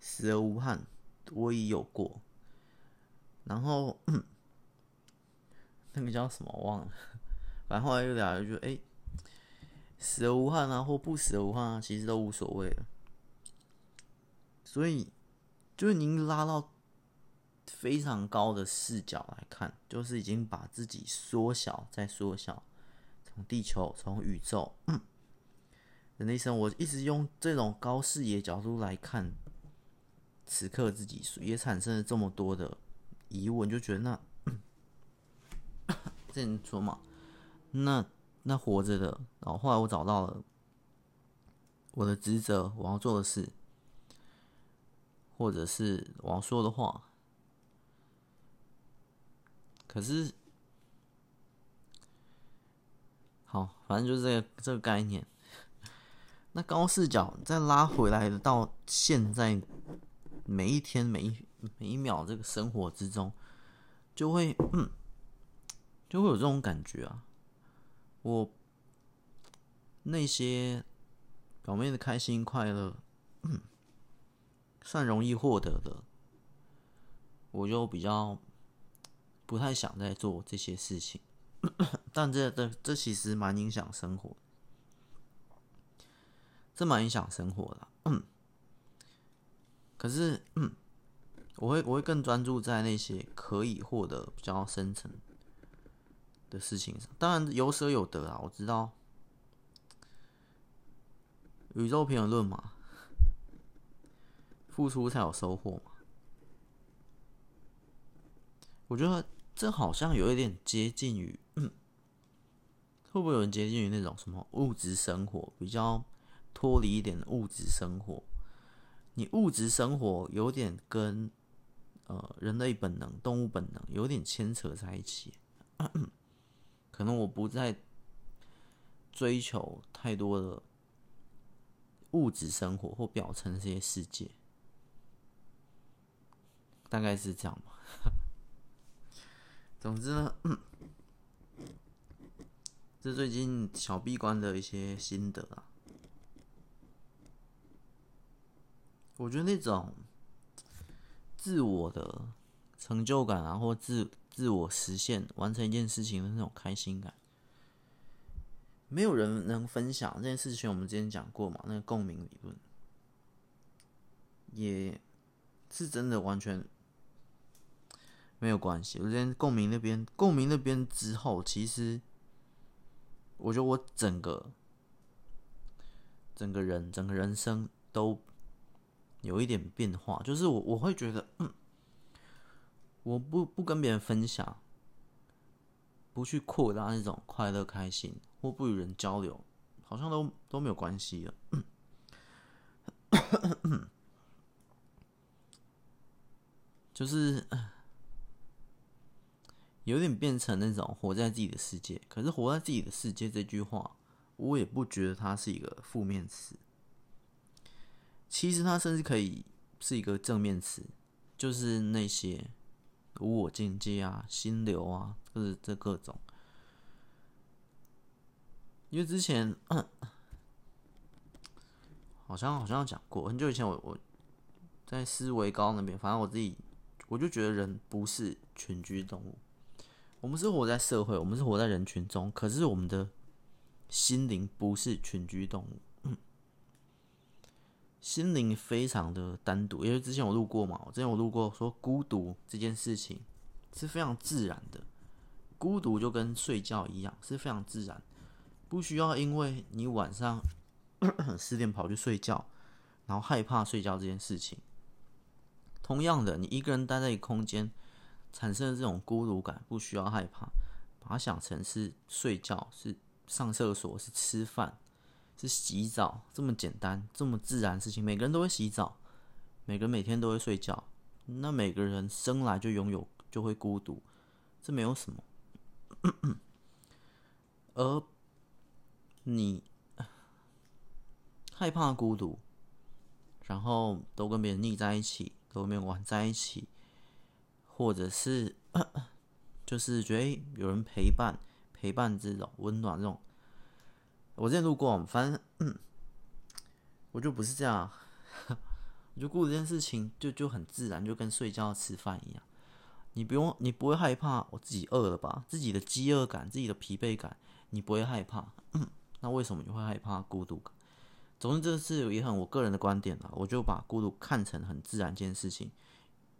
死而無憾，我已有過。然後那個叫什麼我忘了，反正後來又聊了，就誒，死而無憾啊，或不死而無憾啊，其實都無所謂了。所以就是您拉到。非常高的視角來看，就是已經把自己縮小再縮小，從地球，從宇宙，人的一生，我一直用這種高視野角度來看，此刻自己也產生了這麼多的疑問，就覺得那，這人 說嘛，那那活着的，然後後來我找到了我的職責，我要做的事，或者是我要說的話。可是，好，反正就是這個這個概念。那高視角再拉回來的，到現在每一天每一每一秒這個生活之中，就會嗯，就會有這種感覺啊。我那些表面的開心快樂，嗯，算容易獲得的，我就比較。不太想再做這些事情，但這這這其實蠻影響生活，這蠻影響生活的。嗯，可是，嗯，我會我會更專注在那些可以獲得比較深層的事情上。當然，有捨有得啊，我知道。宇宙平衡論嘛，付出才有收穫嘛，我覺得。這好像有一點接近於，嗯，會不會有人接近於那種什麼物質生活比較脫離一點物質生活？你物質生活有點跟呃人類本能、動物本能有點牽扯在一起，嗯，可能我不再追求太多的物質生活或表層這些世界，大概是這樣吧。總之呢，嗯，這最近小閉關的一些心得啊，我覺得那種自我的成就感啊，或自自我實現完成一件事情的那種開心感，沒有人能分享這件事情。我們之前講過嘛，那個共鳴理論，也是真的完全。沒有關係。我在共鳴那邊，共鳴那邊之後，其實我覺得我整個整個人整個人生都有一點變化。就是我我會覺得，嗯，我不不跟別人分享，不去擴大那種快樂開心，或不與人交流，好像都都沒有關係了。嗯、 就是。有點變成那種活在自己的世界，可是“活在自己的世界”這句話，我也不覺得它是一個負面詞。其實它甚至可以是一個正面詞，就是那些無我境界啊、心流啊，就是這各種。因為之前好像好像講過，很久以前我，我我在思維高那邊，反正我自己我就覺得人不是群居動物。我們是活在社會，我們是活在人群中，可是我們的心靈不是群居動物，嗯、心靈非常的單獨。因為之前我錄過嘛，我之前我錄過說孤獨這件事情是非常自然的，孤獨就跟睡覺一樣是非常自然，不需要因為你晚上十點跑去睡覺，然後害怕睡覺這件事情。同樣的，你一個人待在一個空間。產生的這種孤獨感，不需要害怕，把它想成是睡覺、是上廁所、是吃飯、是洗澡這麼簡單、這麼自然的事情。每個人都會洗澡，每個人每天都會睡覺。那每個人生來就擁有，就會孤獨，這沒有什麼。咳咳，而你害怕孤獨，然後都跟別人膩在一起，都跟別人玩在一起。或者是，就是覺得有人陪伴，陪伴這種溫暖這種，我之前路過，反正我就不是這樣，我就孤獨這件事情就就很自然，就跟睡覺、吃飯一樣，你不用，你不會害怕，我自己餓了吧，自己的飢餓感，自己的疲憊感，你不會害怕，那為什麼你會害怕孤獨？總之，這是也很我個人的觀點啦，我就把孤獨看成很自然這件事情。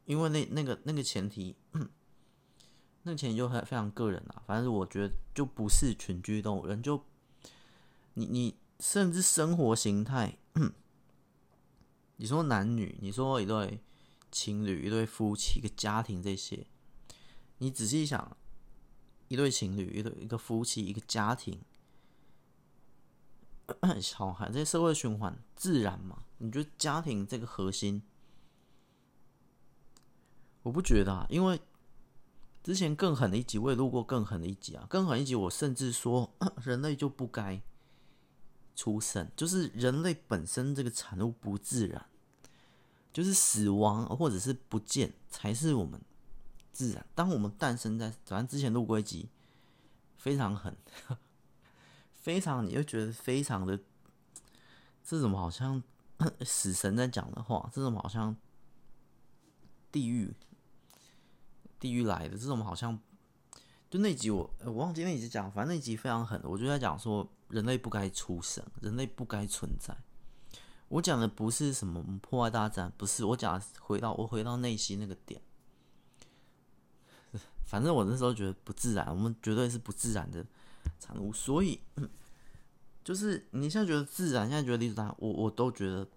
因為那那個那個前提，那個前提就很非常個人啊。反正我覺得，就不是群居動物人，就你你甚至生活形態。你說男女，你說一對情侶、一對夫妻、一個家庭這些，你仔細想，一對情侶、一對一個夫妻、一個家庭、呵呵小孩這些社會循環自然嘛？你覺得家庭這個核心？我不覺得，啊，因為之前更狠的一集我也錄過，更狠的一集啊，更狠一集我甚至說人類就不該出生，就是人類本身這個產物不自然，就是死亡或者是不見才是我們自然。當我們誕生在，反正之前錄過一集，非常狠，非常，你就覺得非常的，這種好像死神在講的話？這種好像地獄？地獄來的這種好像，就那集我我忘記那集講，反正那集非常狠，我就在講說人類不該出生，人類不該存在。我講的不是什麼破壞大戰，不是，我講回到我回到內心那個點。反正我那時候覺得不自然，我們絕對是不自然的產物。所以，就是你現在覺得自然，現在覺得李祖大，我我都覺得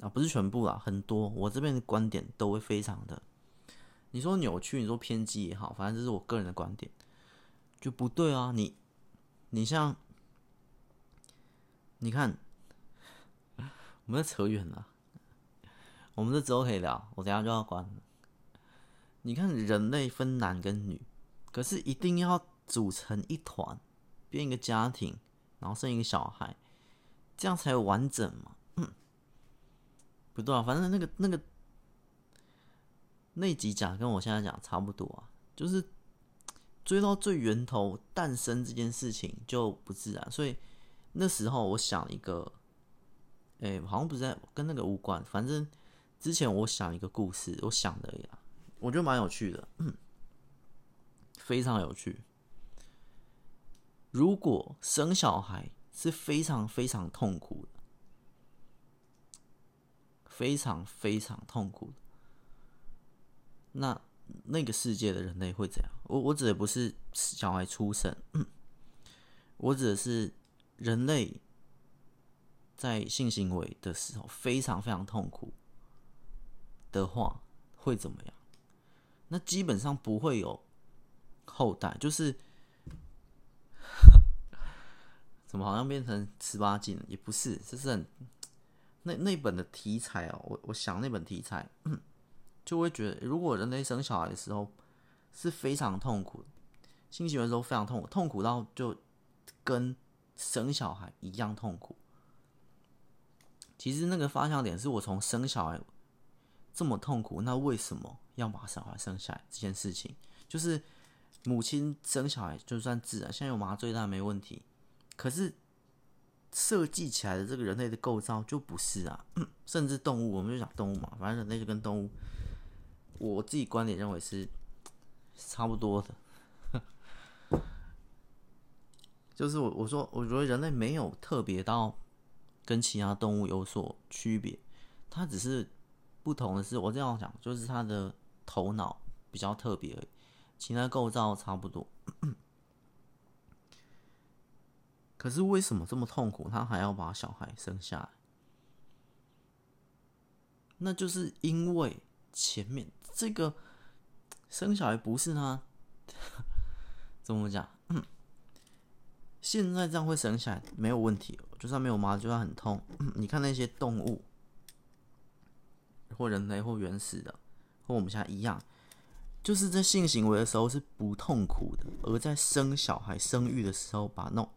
啊，不是全部啦，很多我這邊的觀點都會非常的。你說扭曲，你說偏激也好，反正這是我個人的觀點，就不對啊！你，你像，你看，我們在扯遠了，我們這之後可以聊，我等一下就要關了。你看，人類分男跟女，可是一定要組成一團，變一個家庭，然後生一個小孩，這樣才完整嘛？嗯，不對啊，反正那個那個。那幾講跟我現在講差不多啊，就是追到最源頭誕生這件事情就不自然，所以那時候我想一個，哎、欸，好像不是在跟那個無關，反正之前我想一個故事，我想的呀、啊，我覺得蠻有趣的，非常有趣。如果生小孩是非常非常痛苦的，非常非常痛苦的。那那個世界的人類會怎樣？我我指的不是小孩出生，我指的是人類在性行為的時候非常非常痛苦的話會怎麼樣？那基本上不會有後代，就是怎麼好像變成十八禁，也不是，這是很那那本的題材哦。我我想那本題材。就會覺得，如果人類生小孩的時候是非常痛苦，性行為的時候非常痛苦。痛苦到就跟生小孩一樣痛苦。其實那個發現點，是我從生小孩這麼痛苦，那為什麼要把小孩生下來這件事情？就是母親生小孩就算自然，現在有麻醉但沒問題。可是設計起來的這個人類的構造就不是啊，甚至動物，我們就講動物嘛，反正人類就跟動物。我自己觀點認為是差不多的，就是我我說，我覺得人類沒有特別到跟其他動物有所區別，它只是不同的是，我這樣講，就是它的頭腦比較特別而已，其他構造差不多。可是為什麼這麼痛苦，他還要把小孩生下來？那就是因為前面。這個生小孩不是他， 怎麼講、嗯？現在這樣會生下來沒有問題，就算沒有麻，就算很痛、嗯。你看那些動物或人類或原始的，和我們現在一樣，就是在性行為的時候是不痛苦的，而在生小孩生育的時候，把弄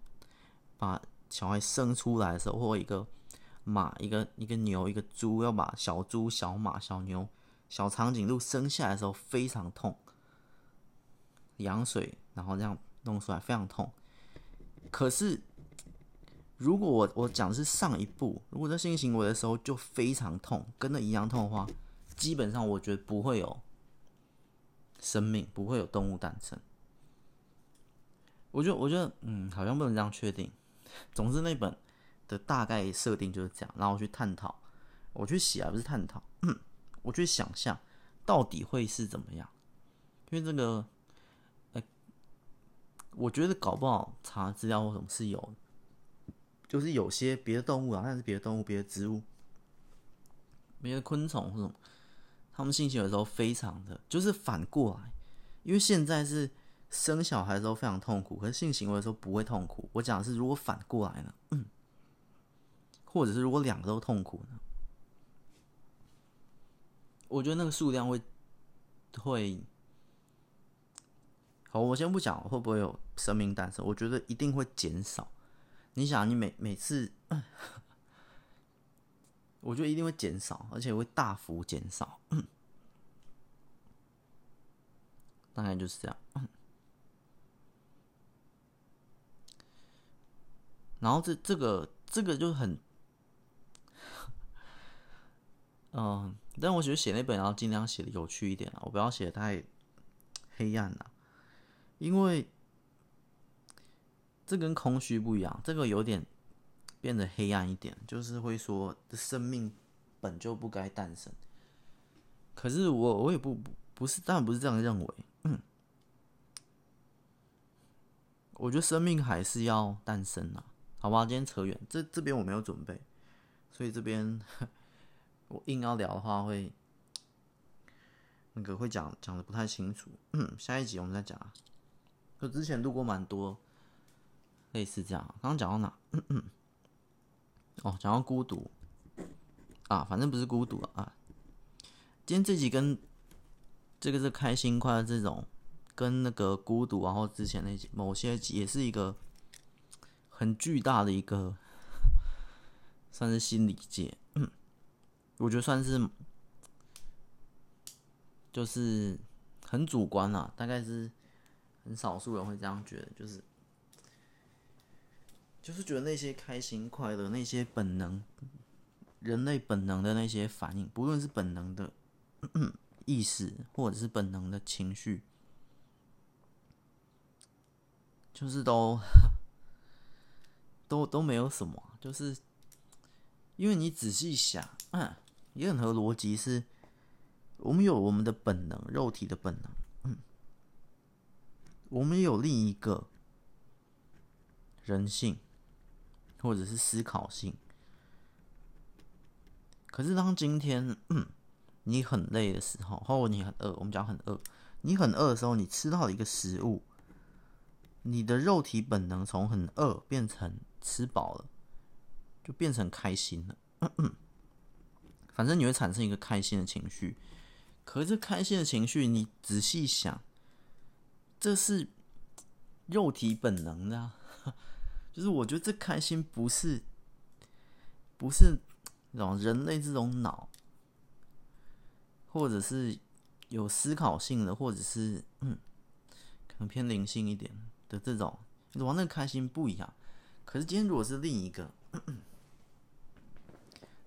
把小孩生出來的時候，或一個馬，一個一個牛，一個豬，要把小豬、小馬、小牛。小長頸鹿生下來的時候非常痛，羊水，然後這樣弄出來非常痛。可是，如果我我講的是上一步，如果在性行為的時候就非常痛，跟那一樣痛的話，基本上我覺得不會有生命，不會有動物誕生。我覺得，我覺得，嗯，好像不能這樣確定。總之，那本的大概設定就是這樣，然後我去探討，我去寫，而不是探討。我去想象到底會是怎麼樣？因為這個，欸、我覺得搞不好查資料或什麼是有的，就是有些別的動物啊，但是別的動物、別的植物、別的昆蟲或什麼，他們性情有的時候非常的，就是反過來，因為現在是生小孩的時候非常痛苦，可是性行為的時候不會痛苦。我講的是如果反過來呢？嗯，或者是如果兩個都痛苦呢？我覺得那個數量會會好，我先不講會不會有生命誕生。我覺得一定會減少。你想，你每每次，我覺得一定會減少，而且會大幅減少。大概就是這樣。然後這這個這個就很，嗯。呃但我覺得寫那本要盡量寫的有趣一點啊，我不要寫的太黑暗了，因為這跟空虛不一樣，這個有點變得黑暗一點，就是會說生命本就不該誕生，可是我我也不不是，當然不是這樣認為，嗯，我覺得生命還是要誕生的，好吧。今天扯遠，這這邊我沒有準備，所以這邊。我硬要聊的話，會那個會講講的不太清楚。嗯，下一集我們再講。就之前錄過蠻多類似這樣，剛剛講到哪？嗯嗯，哦，講到孤獨啊，反正不是孤獨啊。今天這集跟這個是開心快樂這種，跟那個孤獨，然後之前那集某些集也是一個很巨大的一個，算是心理界。我覺得算是，就是很主觀啦，大概是很少數人會這樣覺得，就是，就是覺得那些開心快樂那些本能，人類本能的那些反應，不論是本能的呵呵意識或者是本能的情緒，就是都，都都沒有什麼，就是因為你仔細想啊。任何邏輯是，是我們有我們的本能，肉體的本能。嗯，我們也有另一個人性，或者是思考性。可是當今天，嗯，你很累的時候，或你很餓，我們講很餓，你很餓的時候，你吃到了一個食物，你的肉體本能從很餓變成吃飽了，就變成開心了。嗯嗯反正你會產生一個開心的情緒，可是這開心的情緒，你仔細想，這是肉體本能的、啊，就是我覺得這開心不是，不是，那種人類這種腦，或者是有思考性的，或者是嗯，可能偏靈性一點的這種，你玩那個開心不一樣。可是今天如果是另一個，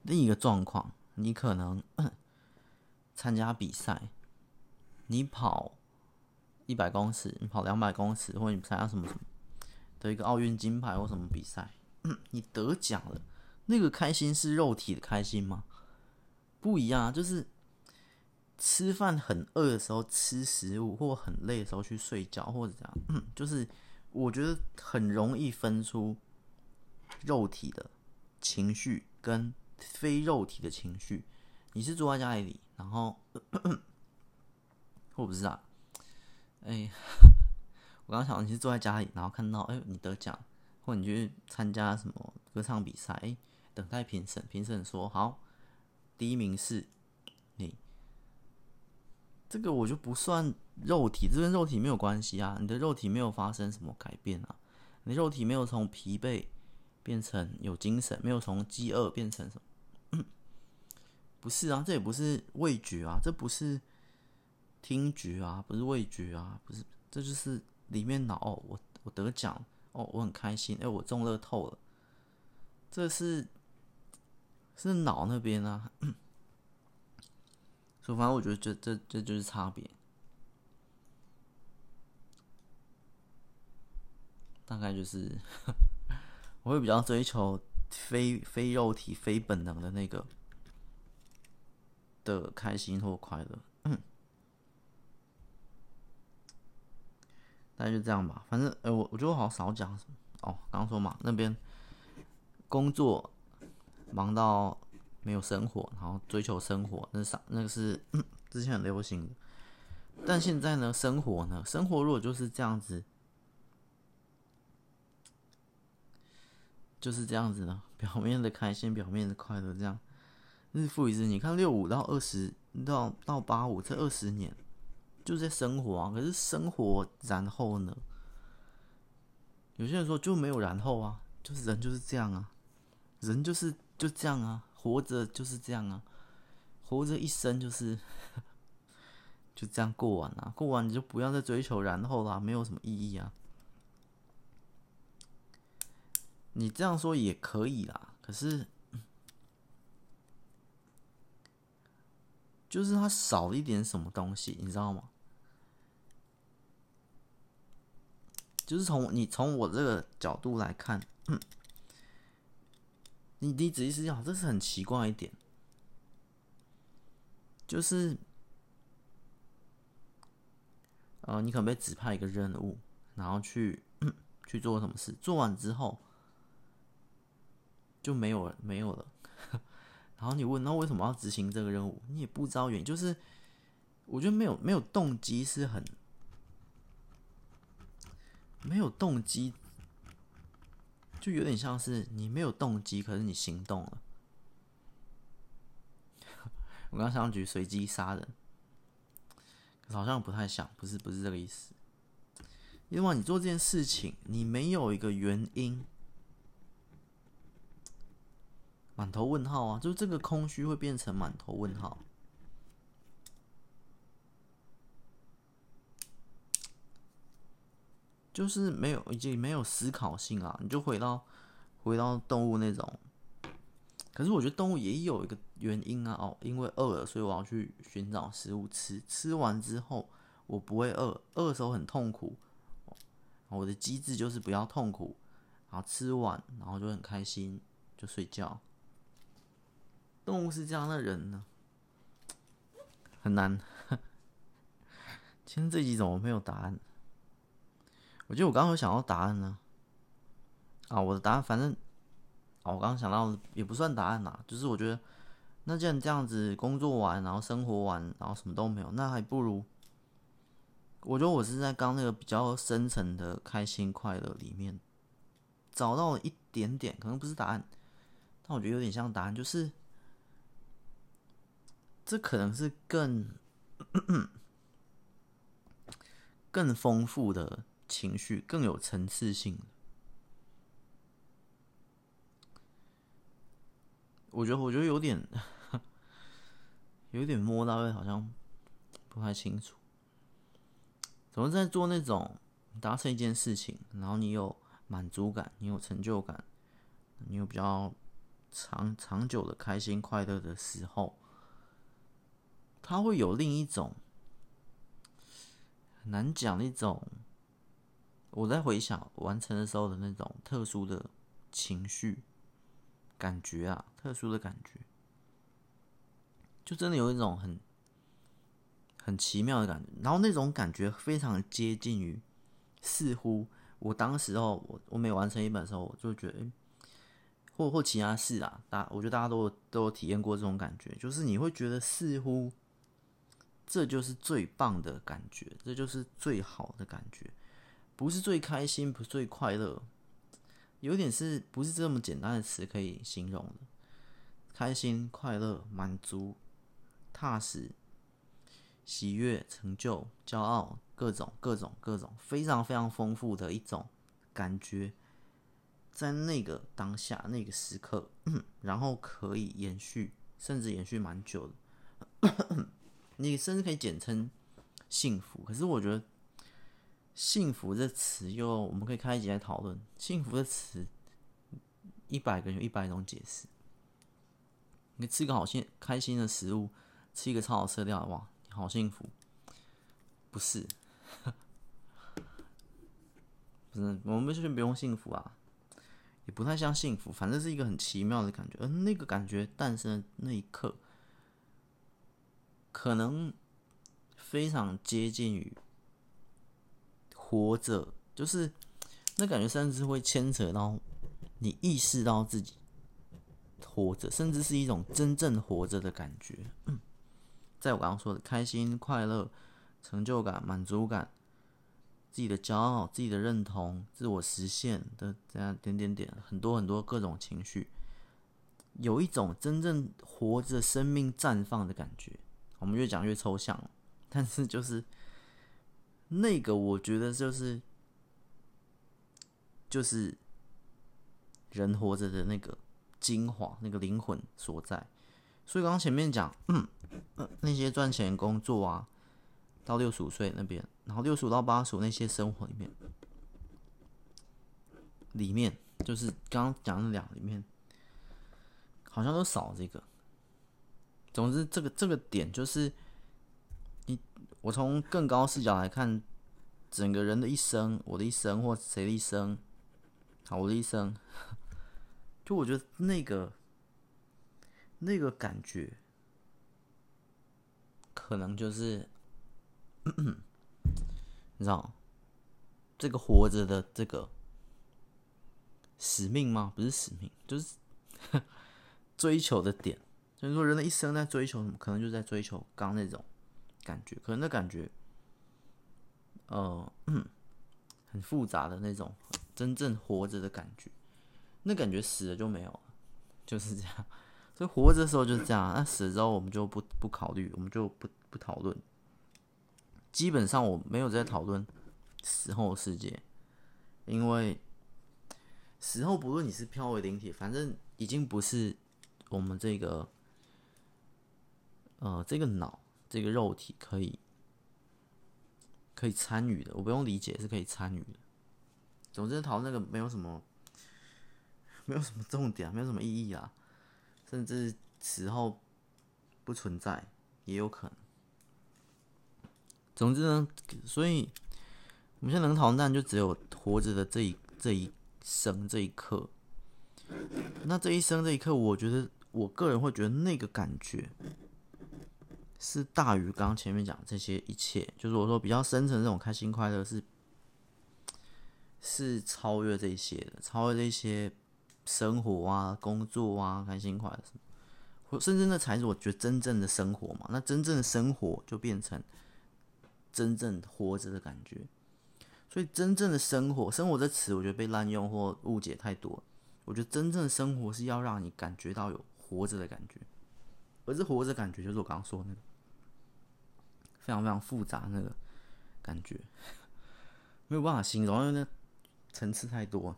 另一個狀況。你可能參加比賽，你跑一百公尺，你跑兩百公尺，或者你參加什麼什麼的一個奧運金牌或什麼比賽，你得獎了，那個開心是肉體的開心嗎？不一樣啊，就是吃飯很餓的時候吃食物，或很累的時候去睡覺，或者這樣，就是我覺得很容易分出肉體的情緒跟。非肉體的情緒，你是坐在家裡，然後我不知道、啊，哎、欸，我剛剛想到，你是坐在家裡，然後看到，哎、欸，你得獎，或你就去參加什麼歌唱比賽，哎、欸，等待評審，評審說好，第一名是你、欸，這個我就不算肉體，這跟肉體沒有關係啊，你的肉體沒有發生什麼改變啊，你的肉體沒有從疲憊變成有精神，沒有從飢餓變成什麼。不是啊，這也不是味覺啊，這不是聽覺啊，不是味覺啊，不是，這就是裡面腦哦，我我得獎哦，我很開心，哎，我中樂透了，這是是腦那邊啊，所以反正我覺得這，這這這就是差別，大概就是呵呵我會比較追求非非肉體、非本能的那個。的開心或快樂、嗯，大概就這樣吧。反正，欸、我我覺得我好像少講什麼哦。剛說嘛，那邊工作忙到沒有生活，然後追求生活，那啥？那個是、嗯、之前很流行的。但現在呢，生活呢，生活如果就是這樣子，就是這樣子的，表面的開心，表面的快樂，這樣。日復一日，你看六五到二十，到到八五，這二十年就在生活啊。可是生活，然後呢？有些人說就沒有然後啊，就是人就是這樣啊，嗯、人就是就這樣啊，活着就是這樣啊，活着一生就是 就這樣過完了，啊，過完你就不要再追求然後啦，沒有什麼意義啊。你這樣說也可以啦，可是。就是他少一點什麼東西，你知道嗎？就是從你從我這個角度來看，嗯、你的職業思想這是很奇怪一點。就是，呃，你可能被指派一個任務，然後去、嗯、去做什麼事？做完之後就沒有沒有了。然後你問，那為什麼要執行這個任務？你也不知道原因。就是我覺得沒有沒有動機是很沒有動機，就有點像是你沒有動機，可是你行動了。 我剛剛想舉隨機殺人，可是好像不太像，不是不是這個意思。因為你做這件事情，你沒有一個原因。滿頭問號啊，就是這個空虛會變成滿頭問號，就是沒有，已經沒有思考性啊，你就回到回到動物那種。可是我覺得動物也有一個原因啊，哦，因為餓了，所以我要去尋找食物吃。吃完之後，我不會餓，餓的時候很痛苦，哦，我的機制就是不要痛苦，然後吃完，然後就很開心，就睡覺。動物是這樣的人呢、啊，很難呵呵。今天這集怎麼沒有答案？我覺得我剛剛有想到答案呢、啊。啊，我的答案反正啊，我剛剛想到也不算答案啦，就是我覺得，那既然這樣子工作完，然後生活完，然後什麼都沒有，那還不如，我覺得我是在剛那個比較深層的開心快樂裡面找到了一點點，可能不是答案，但我覺得有點像答案，就是。這可能是更咳咳更豐富的情緒，更有層次性的。我覺得，我覺得有點有點摸到的，好像不太清楚。總是在做那種達成一件事情，然後你有滿足感，你有成就感，你有比較長長久的開心快樂的時候，它會有另一種很難講的一種，我在回想完成的時候的那種特殊的情緒感覺啊，特殊的感覺，就真的有一種很很奇妙的感覺。然後那種感覺非常接近於，似乎我當時候我我每完成一本的時候，我就覺得，欸、或或其他事啊，大我覺得大家都都有體驗過這種感覺，就是你會覺得似乎。這就是最棒的感覺，這就是最好的感覺，不是最開心，不是最快樂，有點是不是這麼簡單的詞可以形容的？開心、快樂、滿足、踏實、喜悅、成就、驕傲，各種各種各種、各種，非常非常豐富的一種感覺，在那個當下、那個時刻，嗯，然後可以延續，甚至延續蠻久的。 你甚至可以簡稱“幸福”，可是我覺得“幸福”這詞又，我們可以開一集來討論“幸福”這詞，一百個人有一百種解釋。你吃個好心開心的食物，吃一個超好吃的，哇，好幸福，不是？ 不是，我們就是不用“幸福”啊，也不太像幸福，反正是一個很奇妙的感覺，而、呃、那個感覺誕生的那一刻。可能非常接近於活着，就是那感覺，甚至會牽扯到你意識到自己活着，甚至是一種真正活着的感覺。嗯，在我剛剛說的開心、快樂、成就感、滿足感、自己的驕傲、自己的認同、自我實現的這樣點點點，很多很多各種情緒，有一種真正活着、生命綻放的感覺。我們越講越抽象，但是就是那個，我覺得就是就是人活着的那個精華、那個靈魂所在。所以剛剛前面講，嗯嗯、呃，那些賺錢工作啊，到六十五歲那邊，然後六十五到八十五那些生活裡面，裡面就是剛剛講的兩裡面，好像都少這個。總之，這個這個點就是，你，我從更高視角來看，整個人的一生，我的一生或誰的一生，好，我的一生，就我覺得那個那個感覺，可能就是，呵呵，你知道，這個活着的這個使命嗎？不是使命，就是呵，追求的點。所以說，人的一生在追求什麼？可能就在追求剛那種感覺，可能那感覺，呃，嗯，很複雜的那種真正活着的感覺。那感覺死了就沒有了，就是這樣。所以活着的時候就是這樣，那死了之後我們就不不考慮，我們就不不討論。基本上我沒有在討論死後世界，因為死後不論你是飄為靈體，反正已經不是我們這個。呃，這個腦，這個肉體可以可以參與的，我不用理解是可以參與的。總之討論那個沒有什麼沒有什麼重點，沒有什麼意義啊，甚至死後不存在也有可能。總之呢，所以我們現在能討論但，就只有活着的這一這一生這一刻。那這一生這一刻，我覺得我個人會覺得那個感覺是大於剛前面講這些一切，就是我說比較深層這種開心快樂是是超越這些的，超越這些生活啊、工作啊、開心快樂，甚至那才是我覺得真正的生活嘛。那真正的生活就變成真正活着的感覺。所以真正的生活，生活這詞我覺得被濫用或誤解太多。我覺得真正的生活是要讓你感覺到有活着的感覺，而這活着感覺就是我剛剛說的那個。非常非常複雜的那個感覺，沒有辦法形容，因為那層次太多啊。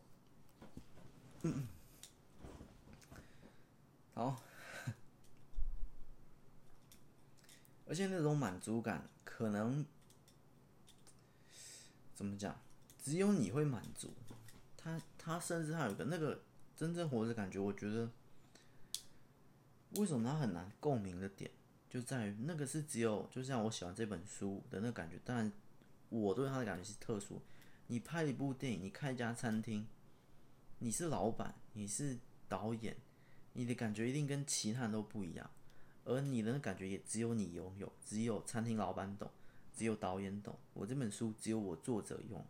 好，而且那種滿足感，可能怎麼講，只有你會滿足。他他甚至還有一個那個真正活著的感覺，我覺得為什麼他很難共鳴的點。就在於那個是只有，就像我喜歡這本書的那個感覺，但我對他的感覺是特殊。你拍一部電影，你開一家餐廳，你是老闆，你是導演，你的感覺一定跟其他人都不一樣，而你的感覺也只有你擁有，只有餐廳老闆懂，只有導演懂。我這本書只有我作者用，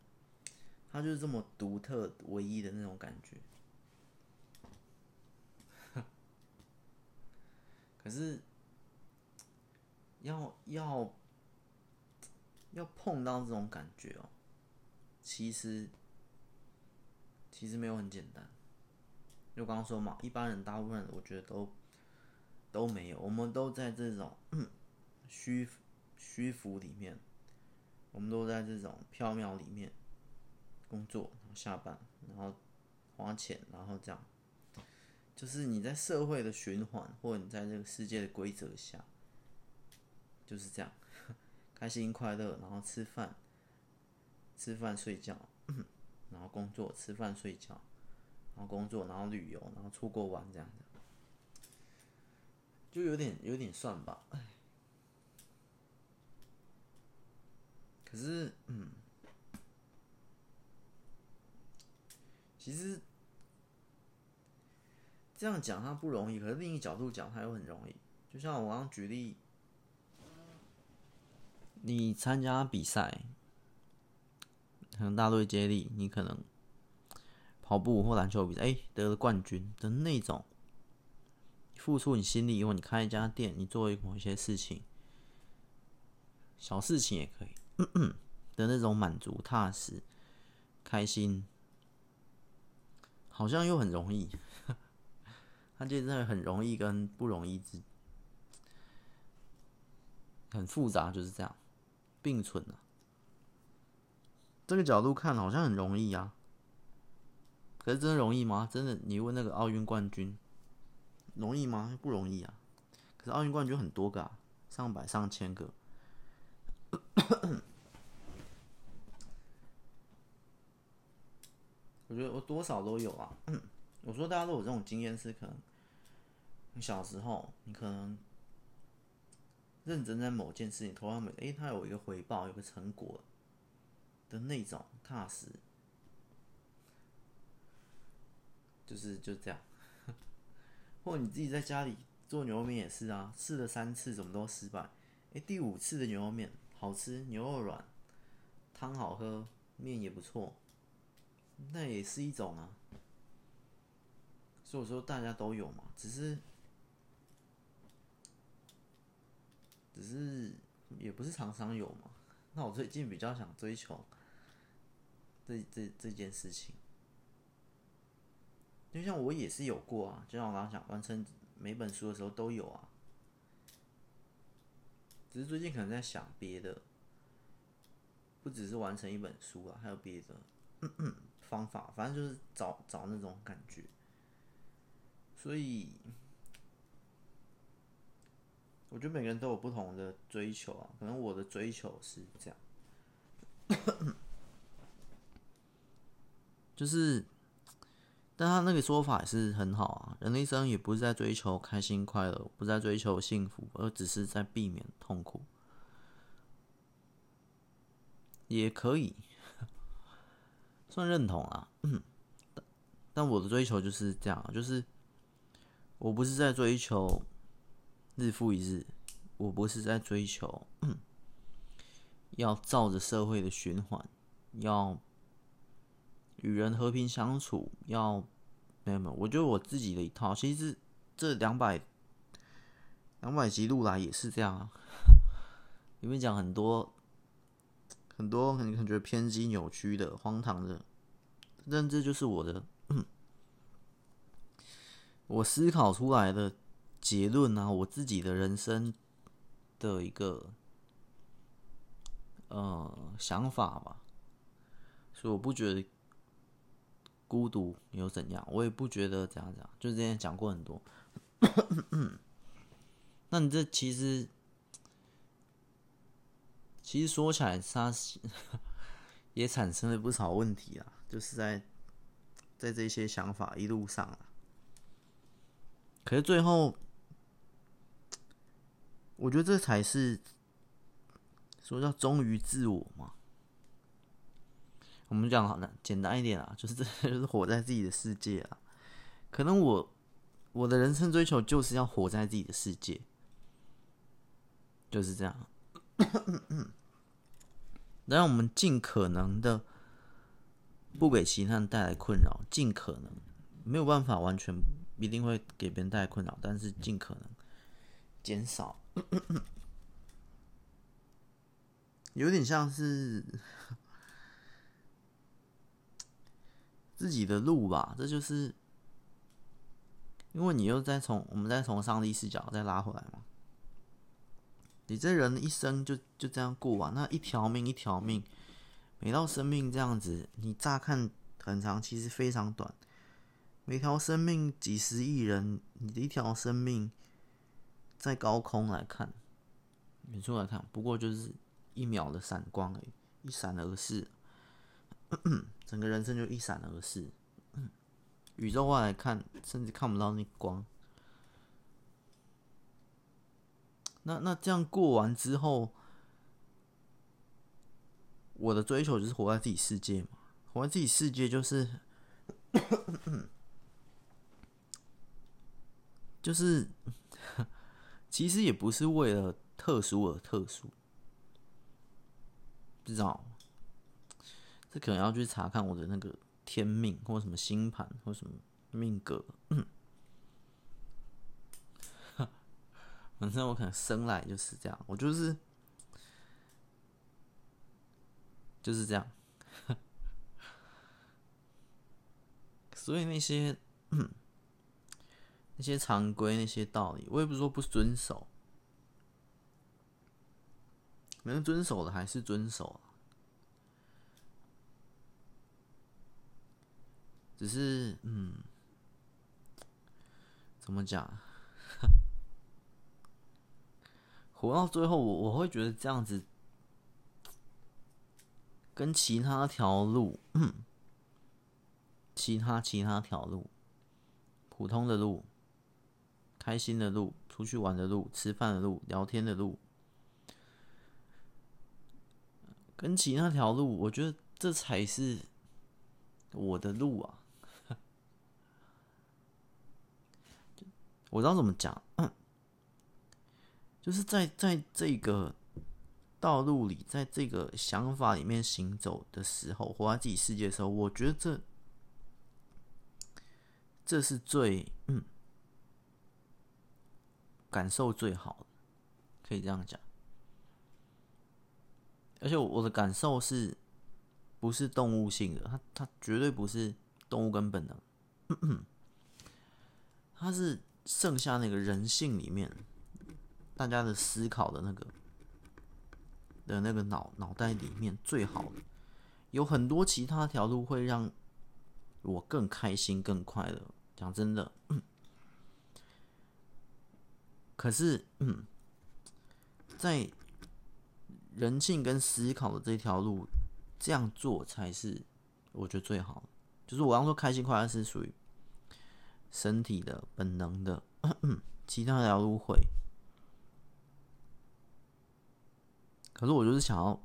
它就是這麼獨特、唯一的那種感覺。 可是。要要碰到這種感覺哦，其實其實沒有很簡單，就剛剛說嘛，一般人大部分人我覺得都都沒有，我們都在這種虛虛浮裡面，我們都在這種縹緲裡面工作，然後下班，然後花錢，然後這樣，就是你在社會的循環，或者你在這個世界的規則下。就是這樣，呵，開心快樂，然後吃飯，吃飯睡覺，然後工作，吃飯睡覺，然後工作，然後旅遊，然後出國玩，這樣子，就有點有點算吧。可是，嗯，其實這樣講它不容易，可是另一角度講它又很容易。就像我剛剛舉例。你參加比賽，可能大隊接力，你可能跑步或籃球比賽，哎、欸，得了冠軍的那種，付出你心力，或你開一家店，你做某一些事情，小事情也可以咳咳的那種滿足、踏實、開心，好像又很容易，呵呵，他就在很容易跟不容易之，很複雜，就是這樣。並存啊，這個角度看好像很容易啊，可是真的容易嗎？真的，你問那個奧運冠軍容易嗎？不容易啊。可是奧運冠軍很多個啊，上百、上千個。我覺得我多少都有啊。我說大家都有這種經驗，是可能你小時候，你可能。認真在某件事情頭上面，哎，它、欸，有一個回報，有個成果的那種踏實，就是就這樣。 或你自己在家裡做牛肉麵也是啊，試了三次怎麼都失敗，哎、欸，第五次的牛肉麵好吃，牛肉軟，湯好喝，麵也不錯，那也是一種啊。所以我說大家都有嘛，只是。只是也不是常常有嘛。那我最近比較想追求這這這件事情，就像我也是有過啊，就像我想完成每本書的時候都有啊。只是最近可能在想別的，不只是完成一本書啊，還有別的 方法。反正就是找找那種感覺，所以。我覺得每個人都有不同的追求啊，可能我的追求是這樣， 就是，但他那個說法也是很好啊。人的一生也不是在追求開心快樂，不是在追求幸福，而只是在避免痛苦，也可以呵呵算認同啊。嗯，但但我的追求就是這樣，就是我不是在追求。日復一日，我不是在追求，要照着社會的循環，要與人和平相處，要沒有沒有，我覺得我自己的一套。其實這兩百兩百集錄來也是這樣啊，裡面講很多很多，很感覺得偏激、扭曲的、荒唐的，但這就是我的，我思考出來的。結論呢、啊？我自己的人生的一個呃想法吧，所以我不覺得孤獨有怎樣，我也不覺得怎樣怎樣，就之前講過很多。 那你這其實其實說起來，它也產生了不少問題啊，就是在在這些想法一路上啊，可是最後。我覺得這才是說叫忠於自我嘛。我們講好了，簡單一點啊，就是這就是活在自己的世界啊。可能我我的人生追求就是要活在自己的世界，就是這樣。當然我們儘可能的不給其他人帶來困擾，盡可能，沒有辦法完全，一定會給別人帶來困擾，但是儘可能。減少， 有點像是自己的路吧。這就是因為你又再從我們再從上帝視角再拉回來嘛。你這人一生就就這樣過完，那一條命一條命，每到生命這樣子，你乍看很長，其實非常短。每條生命幾十億人，你的一條生命。在高空來看，遠處來看，不過就是一秒的閃光、欸，而已，一閃而逝，整個人生就一閃而逝，嗯。宇宙外來看，甚至看不到那光。那那這樣過完之後，我的追求就是活在自己世界嘛？活在自己世界就是，咳咳就是。其實也不是為了特殊而特殊，知道嗎？這可能要去查看我的那個天命，或什麼星盤，或什麼命格，嗯。反正我可能生來就是這樣，我就是就是這樣。所以那些……嗯一些常規，那些道理，我也不是說不遵守，能遵守的還是遵守啊。只是，嗯，怎麼講？活到最後我，我我會覺得這樣子，跟其他條路，其他其他條路，普通的路。開心的路，出去玩的路，吃飯的路，聊天的路，跟起那條路，我覺得這才是我的路啊！我知道怎麼講，就是在在這個道路裡，在這個想法裡面行走的時候，活在自己世界的時候，我覺得這這是最，嗯。感受最好的，可以這樣講。而且我，我的感受是，不是動物性的，它它絕對不是動物跟本能。呵呵，它是剩下那個人性裡面，大家的思考的那個，的那個腦腦袋裡面最好的。有很多其他條路會讓，我更開心、更快樂。講真的。呵呵。可是，嗯，在人性跟思考的這條路，這樣做才是我覺得最好。就是我剛說，開心快樂是屬於身體的、本能的，呵呵，其他條路會。可是我就是想要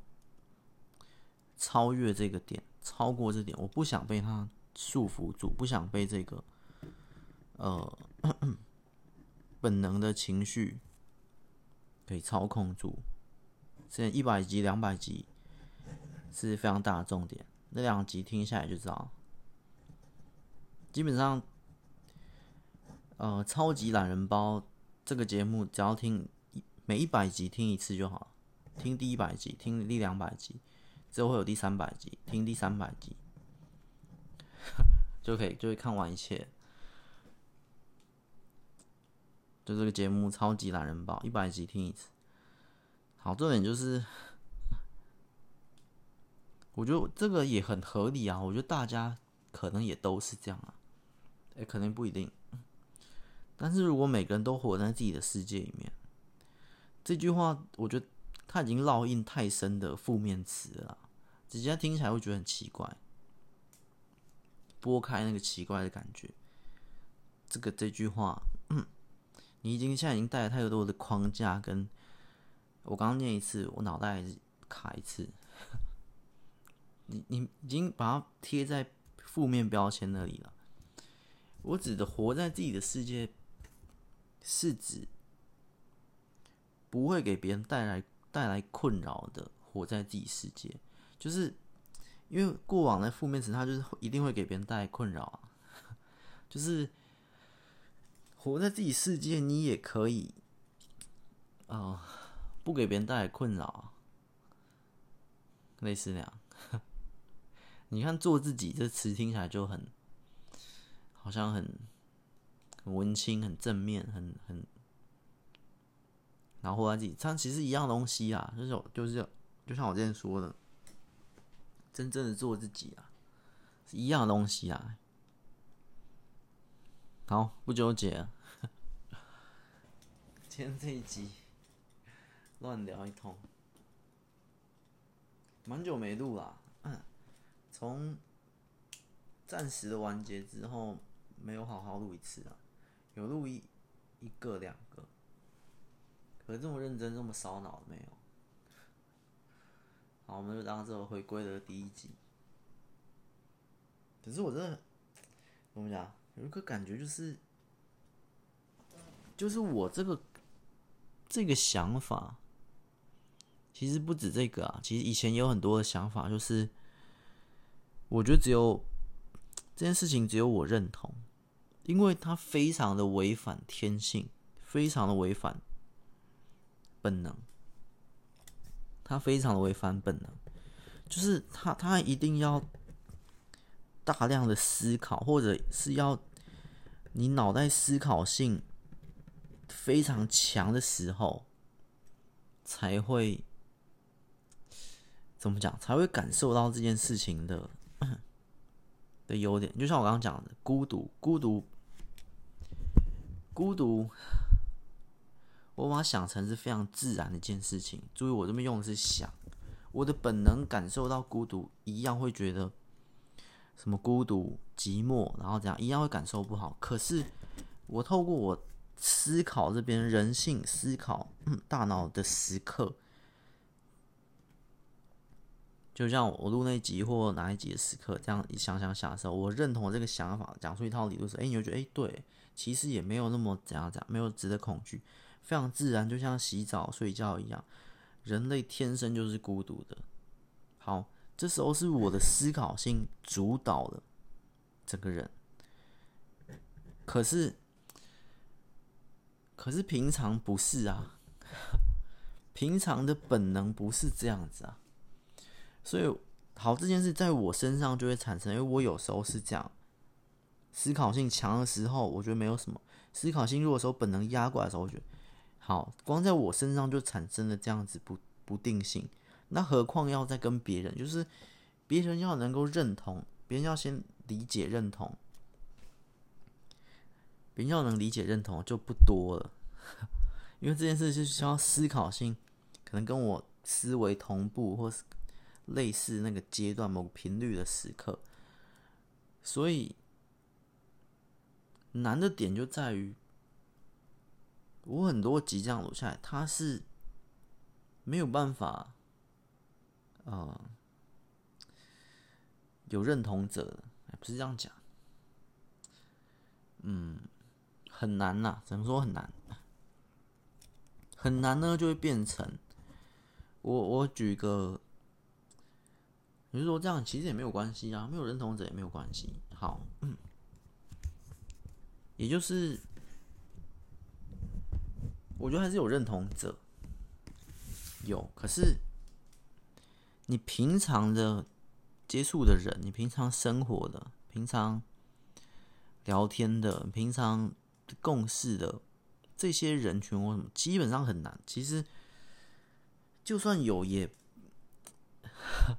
超越這個點，超過這點，我不想被它束縛住，不想被這個，呃。呵呵本能的情緒可以操控住。現在，一百集，兩百集是非常大的重點。那兩集聽下來就知道，基本上，呃，超級懶人包這個節目，只要聽每一百集聽一次就好，聽第一百集，聽第兩百集，之後會有第三百集，聽第三百集 就可以就會看完一切。就這個節目《超級懶人寶》一百集聽一次。好，重點就是，我覺得這個也很合理啊。我覺得大家可能也都是這樣啊。哎、欸，可能不一定。但是如果每個人都活在自己的世界裡面，這句話我覺得它已經烙印太深的負面詞了，直接聽起來會覺得很奇怪。撥開那個奇怪的感覺，這個這句話。你已經現在已經帶了太多的框架，跟我剛剛念一次，我腦袋還是卡一次。你你已經把它貼在負面標籤那裡了。我指的活在自己的世界，是指不會給別人帶來帶來困擾的活在自己世界，就是因為過往的負面詞，它就是一定會給別人帶來困擾啊，就是。活在自己世界，你也可以哦、呃，不給別人帶來困擾，類似那樣。你看“做自己”這詞聽起來就很，好像很、很文青、很正面、很很。然後他自己，唱其實一樣東西啊，就是就是，就像我之前說的，真正的做自己啊，是一樣東西啊。好，不糾結。今天這一集亂聊一通，蠻久沒錄啦。嗯、啊，從暫時的完結之後，沒有好好錄一次啊，有錄一一個兩個，可是這麼認真，這麼燒腦的沒有？好，我們就當這個回歸的第一集。可是我真的，怎麼講？有一個感覺就是，就是我這個這個想法，其實不止這個啊。其實以前有很多的想法，就是我覺得只有這件事情只有我認同，因為它非常的違反天性，非常的違反本能，它非常的違反本能，就是他它，它一定要。大量的思考，或者是要你腦袋思考性非常強的時候，才會怎麼講？才會感受到這件事情的的優點。就像我剛剛講的，孤獨，孤獨，孤獨，我把它想成是非常自然的一件事情。注意，我這邊用的是想，我的本能感受到孤獨，一樣會覺得。什麼孤獨、寂寞，然後怎樣，一樣會感受不好。可是我透過我思考這邊人性思考，嗯、大腦的時刻，就像我錄那集或哪一集的時刻，這樣一想想想的時候，我認同這個想法，講出一套理論時，哎、欸，你就覺得哎、欸，對，其實也沒有那麼怎樣怎樣，沒有值得恐懼，非常自然，就像洗澡、睡覺一樣。人類天生就是孤獨的，好。這時候是我的思考性主導了整個人，可是可是平常不是啊，平常的本能不是這樣子啊，所以好，這件事在我身上就會產生，因為我有時候是這樣，思考性強的時候，我覺得沒有什麼；思考性弱的時候，本能壓過來的時候，我覺得好，光在我身上就產生了這樣子不不定性。那何況要再跟別人，就是別人要能夠認同，別人要先理解認同，別人要能理解認同就不多了， 因為這件事就是需要思考性，可能跟我思維同步或是類似那個階段、某個頻率的時刻，所以難的點就在於我很多集這樣錄下來，他是沒有辦法。啊、呃。有認同者，不是這樣講。嗯，很難吶、啊，只能說很難。很難呢，就會變成我，我舉一個，比如說這樣，其實也沒有關係啊，沒有認同者也沒有關係。好，嗯，也就是我覺得還是有認同者，有，可是。你平常的接觸的人，你平常生活的、平常聊天的、平常共事的這些人群，我基本上很難。其實就算有，也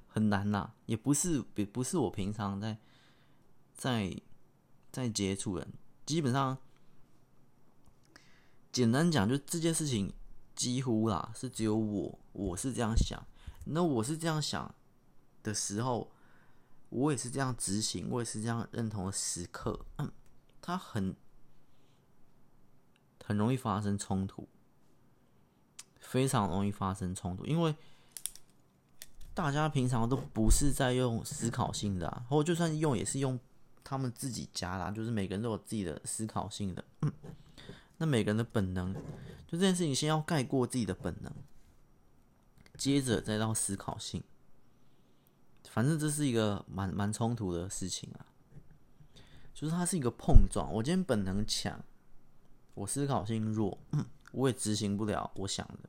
很難吶。也不是，比，不是我平常在在在接觸人。基本上，簡單講，就這件事情，幾乎啦，是只有我，我是這樣想。那我是這樣想的時候，我也是這樣執行，我也是這樣認同的時刻，他、嗯、很很容易發生衝突，非常容易發生衝突，因為大家平常都不是在用思考性的、啊，或者就算用也是用他們自己家啦、啊，就是每個人都有自己的思考性的，嗯、那每個人的本能，就這件事情先要蓋過自己的本能。接着再到思考性，反正這是一個蠻蠻衝突的事情啊，就是它是一個碰撞。我今天本能強，我思考性弱，嗯，我也執行不了我想的。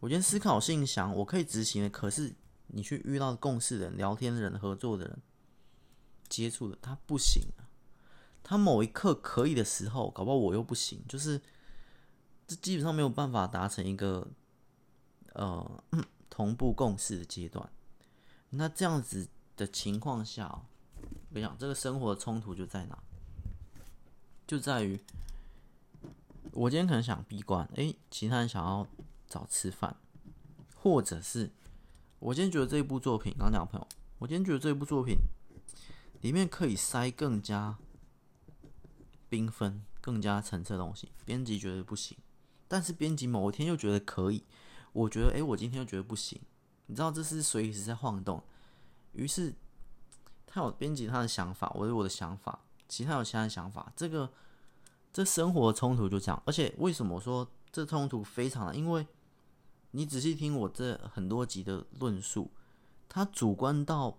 我今天思考性強，我可以執行的，可是你去遇到共事的人、聊天人、合作的人、接觸的，他不行啊。他某一刻可以的時候，搞不好我又不行，就是這基本上沒有辦法達成一個。呃，同步共事的階段，那這樣子的情況下，我跟你講，這個生活衝突就在哪？就在於我今天可能想閉關，哎、欸，其他人想要找吃飯，或者是我今天覺得這一部作品，剛剛講朋友，我今天覺得這一部作品裡面可以塞更加繽紛、更加層次的東西，編輯覺得不行，但是編輯某一天又覺得可以。我覺得，哎、欸，我今天又覺得不行，你知道這是隨時在晃動。於是他有編輯他的想法，我有我的想法，其他有其他的想法，這個這生活衝突就這樣。而且為什麼說這衝突非常的？因為你仔細聽我這很多集的論述，他主觀到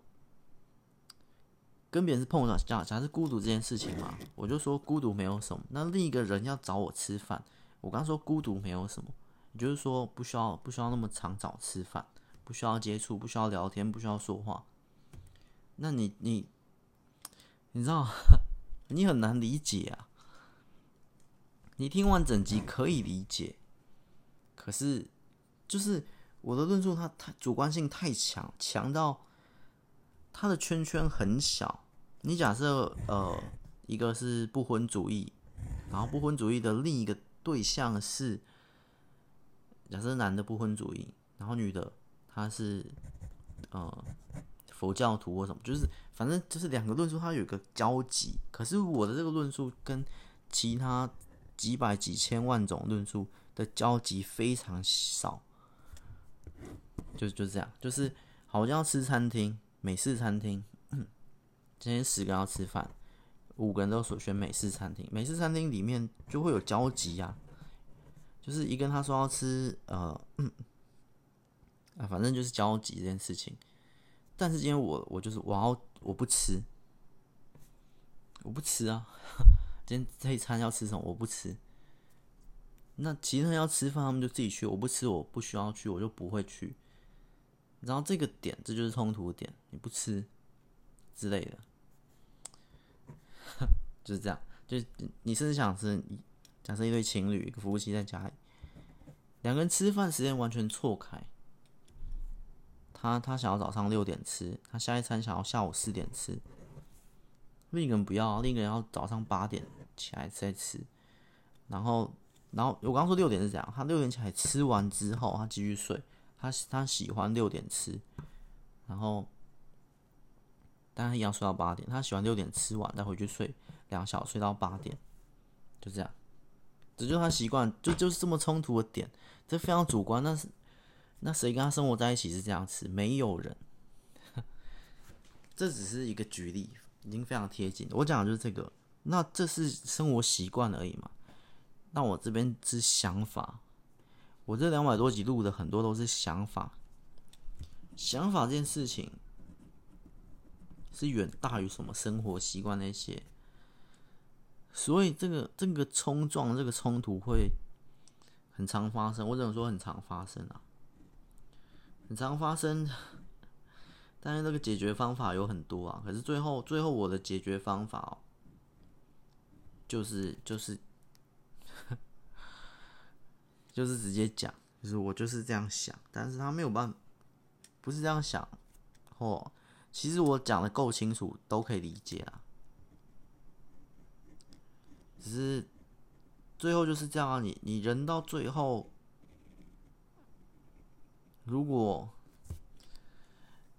跟別人是碰撞，恰恰是孤獨這件事情嘛。我就說孤獨沒有什麼，那另一個人要找我吃飯，我剛說孤獨沒有什麼。就是說，不需要不需要那麼長，找吃飯，不需要接觸，不需要聊天，不需要說話。那你你你知道你很難理解啊。你聽完整集可以理解，可是就是我的論述它太，它它主觀性太強，強到它的圈圈很小。你假設呃，一個是不婚主義，然後不婚主義的另一個對象是。假設男的不婚主義，然後女的她是，呃，佛教徒或什麼，就是反正就是兩個論述，它有一個交集。可是我的這個論述跟其他幾百幾千萬種論述的交集非常少，就，就是這樣，就是好像要吃餐廳，美式餐廳。今天十個要吃飯，五個人都首選美式餐廳，美式餐廳裡面就會有交集呀、啊。就是一跟他說要吃，呃，啊、呃，反正就是焦急這件事情。但是今天我，我就是我要，要我不吃，我不吃啊！今天這一餐要吃什麼？我不吃。那其他人要吃飯，他們就自己去。我不吃，我不需要去，我就不會去。然後這個點，這就是衝突點，你不吃之類的，就是這樣。就是你甚至想吃。還、啊、是一對情侶，一個夫妻在家裡，兩個人吃飯時間完全錯開。他他想要早上六點吃，他下一餐想要下午四點吃。另一個人不要，另一個人要早上八點起來再吃。然後然後我剛說六點是這樣，他六點起來吃完之後，他繼續睡。他他喜歡六點吃，然後但他一樣睡到八點。他喜歡六點吃完再回去睡，兩小時睡到八點，就這樣。只就是他習慣，就就是這麼衝突的點，這非常主觀。那是，那誰跟他生活在一起是這樣子，沒有人。這只是一個舉例，已經非常貼近。我講的就是這個。那這是生活習慣而已嘛？那我這邊是想法。我這兩百多集錄的很多都是想法。想法這件事情，是遠大於什麼生活習慣那些。所以這個這個衝撞，這個衝突會很常發生，我只能說很常發生啊，很常發生。但是這個解決方法有很多啊，可是，最後最後我的解決方法哦，就是就是 就是直接講，就是我就是這樣想，但是他沒有辦法，不是這樣想，或、哦、其實我講得夠清楚，都可以理解啊。只是最後就是這樣啊，你你人到最後，如果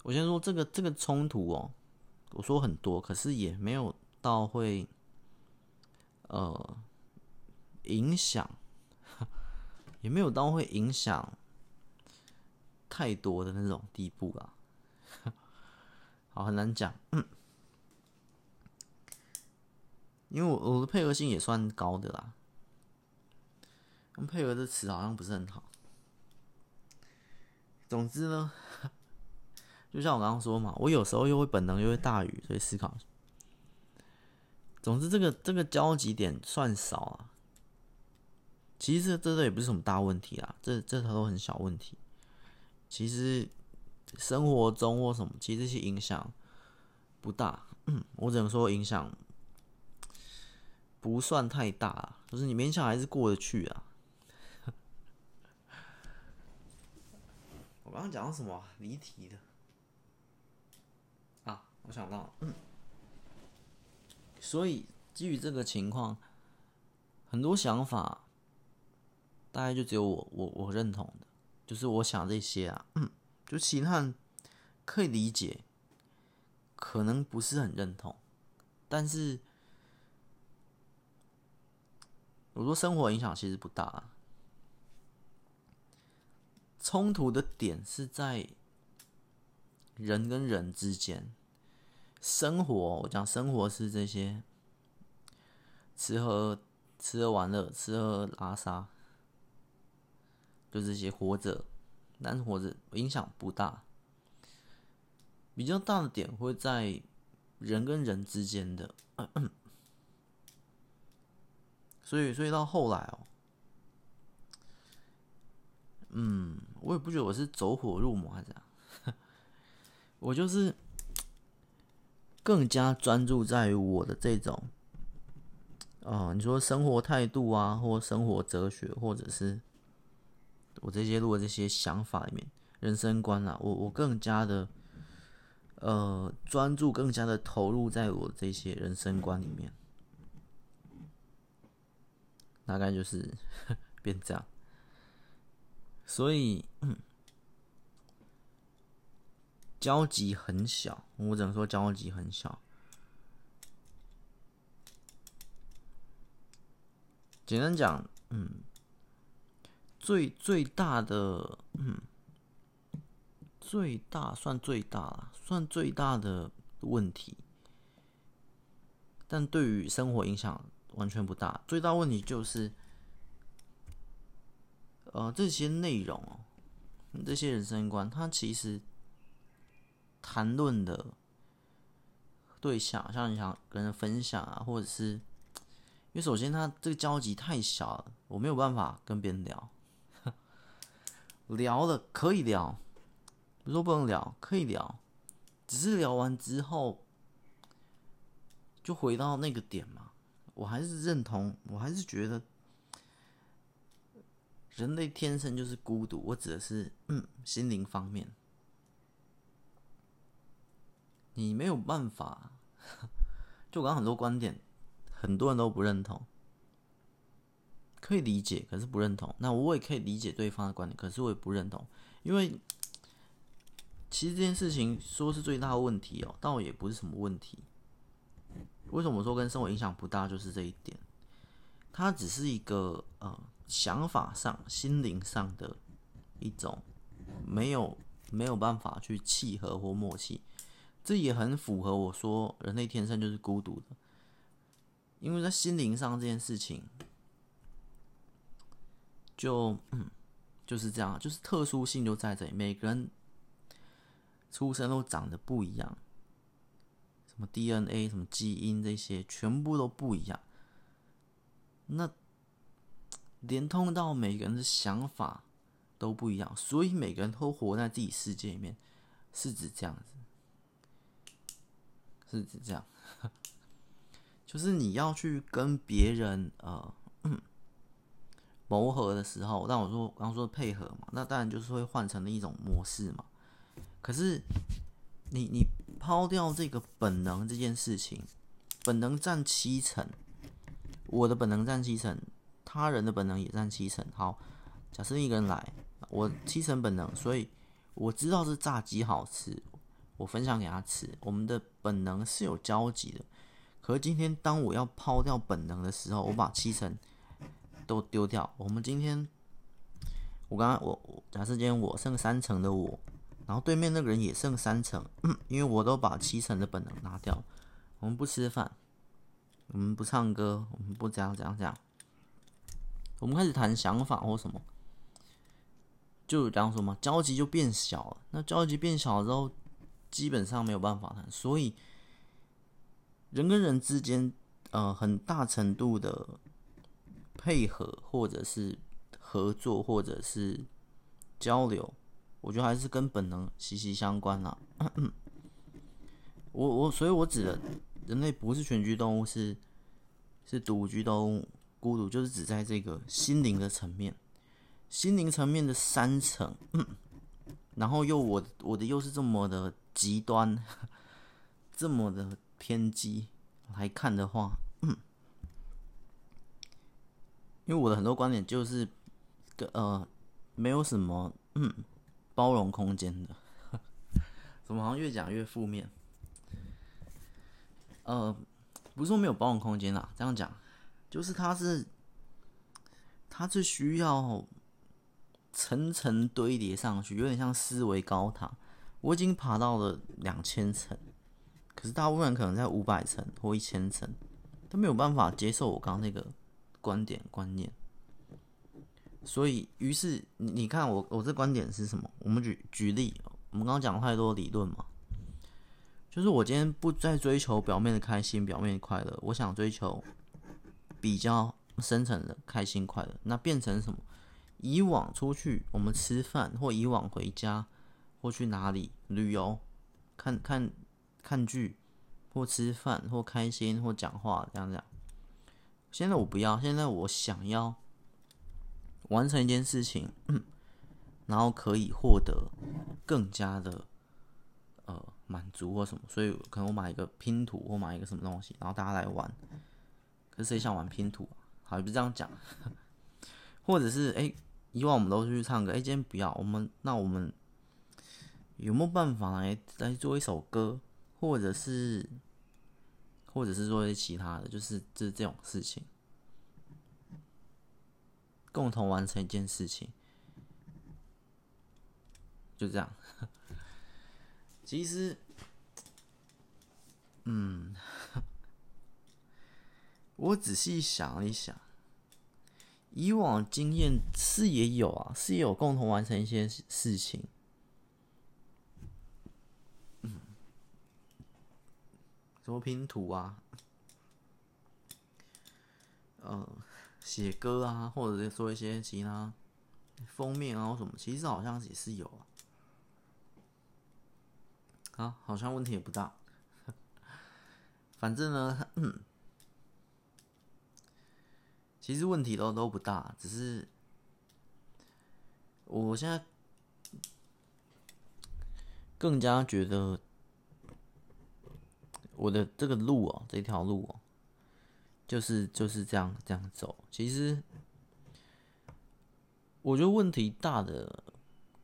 我先說這個這個衝突哦，我說很多，可是也沒有到會呃影響，也沒有到會影響太多的那種地步啊，好，很難講，嗯。因為我我的配合性也算高的啦，配合的詞好像不是很好。總之呢，就像我剛剛說嘛，我有時候又會本能，又會大於所以思考。總之這個這個交集點算少啊，其實這這也不是什麼大問題啦，這這它都很小問題。其實生活中或什麼，其實這些影響不大，嗯。我只能說影響。不算太大，可、就是你勉強還是過得去啊。 我剛剛講到什麼離題的啊？我想到了，嗯，所以基於這個情況，很多想法大概就只有我我我認同的，就是我想這些啊，嗯，就其他人可以理解，可能不是很認同，但是。我說生活影響其實不大啊，衝突的點是在人跟人之間。生活，我講生活是這些吃喝吃喝玩樂、吃喝拉撒，就這些活着，但活着，影響不大。比較大的點會在人跟人之間的。咳咳所以，所以到後來哦、喔，嗯，我也不覺得我是走火入魔還是怎樣， 我就是更加專注在於我的這種，哦、呃，你說生活態度啊，或生活哲學，或者是我這些，路的這些想法裡面，人生觀啊，我我更加的，呃，專注，更加的投入在我這些人生觀裡面。大概就是呵呵變這樣，所以嗯交集很小，我只能說交集很小。簡單講，嗯，最最大的，嗯，最大算最大算最大的問題，但對於生活影響。完全不大，最大問題就是，呃，這些內容哦，這些人生觀，他其實談論的對象，像你想跟人分享啊，或者是因為首先他這個交集太小了，我沒有辦法跟別人聊， 聊了可以聊，不是說不能聊，可以聊，只是聊完之後就回到那個點嘛。我還是認同，我還是覺得人類天生就是孤獨。我指的是，嗯，心靈方面，你沒有辦法。就我剛很多觀點，很多人都不認同，可以理解，可是不認同。那我也可以理解對方的觀點，可是我也不認同。因為其實這件事情說是最大的問題哦，倒也不是什麼問題。為什麼說跟生活影響不大，就是這一點，它只是一個呃想法上、心靈上的一種沒有沒有辦法去契合或默契。這也很符合我說人類天生就是孤獨的，因為在心靈上這件事情，就嗯就是這樣，就是特殊性就在這裡，每個人出生都長得不一樣。DNA，什麼基因，這些全部都不一樣。那連通到每個人的想法都不一樣，所以每個人都活在自己世界裡面，是指這樣子，是指這樣， 就是你要去跟別人呃嗯磨合 的時候，那我說剛說配合嘛，那當然就是會換成一種模式嘛。可是你你。你拋掉這個本能這件事情，本能占七成，我的本能占七成，他人的本能也占七成。好，假設一個人來，我七成本能，所以我知道是炸雞好吃，我分享給他吃。我們的本能是有交集的，可是今天當我要拋掉本能的時候，我把七成都丟掉。我們今天，我剛剛我假設今天我剩三成的我。然後對面那個人也剩三層，因為我都把七層的本能拿掉。我們不吃飯，我們不唱歌，我們不這樣這樣這樣。我們開始談想法或什麼，就這樣說嘛，交集就變小了。那交集變小了之後，基本上沒有辦法談。所以人跟人之間，呃，很大程度的配合，或者是合作，或者是交流。我覺得還是跟本能息息相關了。我我，所以，我指的，人類不是群居動物，是是獨居動物，孤獨就是指在這個心靈的層面，心靈層面的三層。然後，又我我的又是這麼的極端，這麼的偏激來看的話，因為我的很多觀點就是，呃，沒有什麼，嗯。包容空間的呵呵，怎麼好像越講越負面？呃，不是說沒有包容空間啦，這樣講，就是它是它是需要層層堆疊上去，有點像思維高塔。我已經爬到了兩千層，可是大部分人可能在五百層或一千層，他沒有辦法接受我剛剛那個觀點觀念。所以，於是你看我我這觀點是什麼？我們舉舉例，我們剛剛講太多理論嘛。就是我今天不再追求表面的開心、表面的快樂，我想追求比較深層的開心快樂。那變成什麼？以往出去我們吃飯，或以往回家，或去哪裡旅遊，看看看劇，或吃飯，或開心，或講話這樣這樣。現在我不要，現在我想要。完成一件事情，嗯、然後可以獲得更加的呃滿足或什麼，所以可能我買一個拼圖或買一個什麼東西，然後大家來玩，可是誰想玩拼圖？好像不是這樣講，或者是哎、欸，以往我們都是去唱歌，哎、欸，今天不要，我們那我們有沒有辦法來來做一首歌，或者是或者是做一些其他的就是就是這種事情。共同完成一件事情，就這樣。其實，嗯，我仔細想一想，以往經驗是也有啊，是有共同完成一些事情，嗯，什麼拼圖啊，嗯、呃。寫歌啊，或者是說一些其他封面啊，什麼，其實好像也是有啊，啊，好像問題也不大，反正呢，其實問題都都不大，只是我現在更加覺得我的這個路啊、喔，這條路啊、喔。就是就是這樣這樣走。其實，我覺得問題大的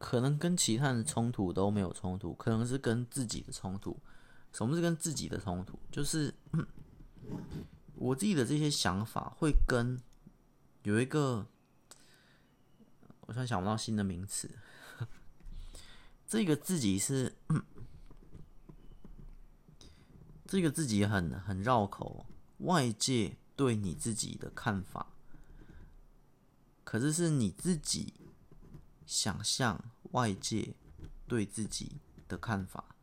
可能跟其他的衝突都沒有衝突，可能是跟自己的衝突。什麼是跟自己的衝突？就是我自己的這些想法會跟有一個，我現在想不到新的名詞。這個自己是，這個自己很很繞口。外界對你自己的看法，可是是你自己想象外界對自己的看法，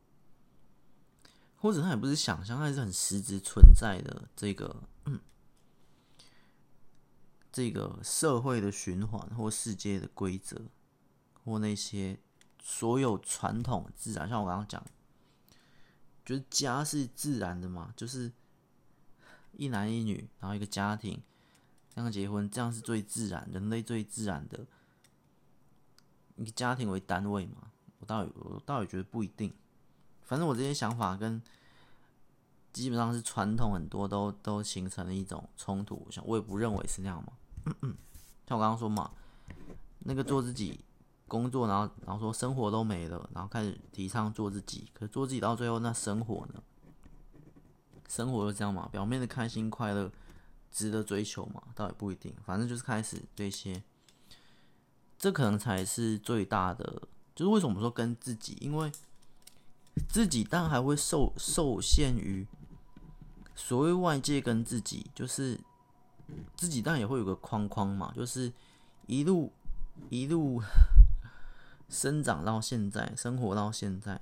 或者他也不是想象，他也是很實質存在的這個，嗯，這個社會的循環或世界的規則，或那些所有傳統自然，像我剛剛講，就是家是自然的嘛，就是。一男一女，然後一個家庭，剛剛結婚，這樣是最自然，人類最自然的，以家庭為單位嘛？我倒也我倒也覺得不一定。反正我這些想法跟基本上是傳統很多都都形成了一種衝突，像我，我也不認為是那樣嘛。嗯嗯，像我剛剛說嘛，那個做自己工作，然後然後說生活都沒了，然後開始提倡做自己，可是做自己到最後那生活呢？生活就這樣嘛，表面的開心快樂值得追求嘛，倒也不一定。反正就是開始這些，這可能才是最大的。就是為什麼說跟自己，因為自己當然還會受受限於所謂外界跟自己，就是自己當然也會有個框框嘛，就是一路一路呵呵生長到現在，生活到現在。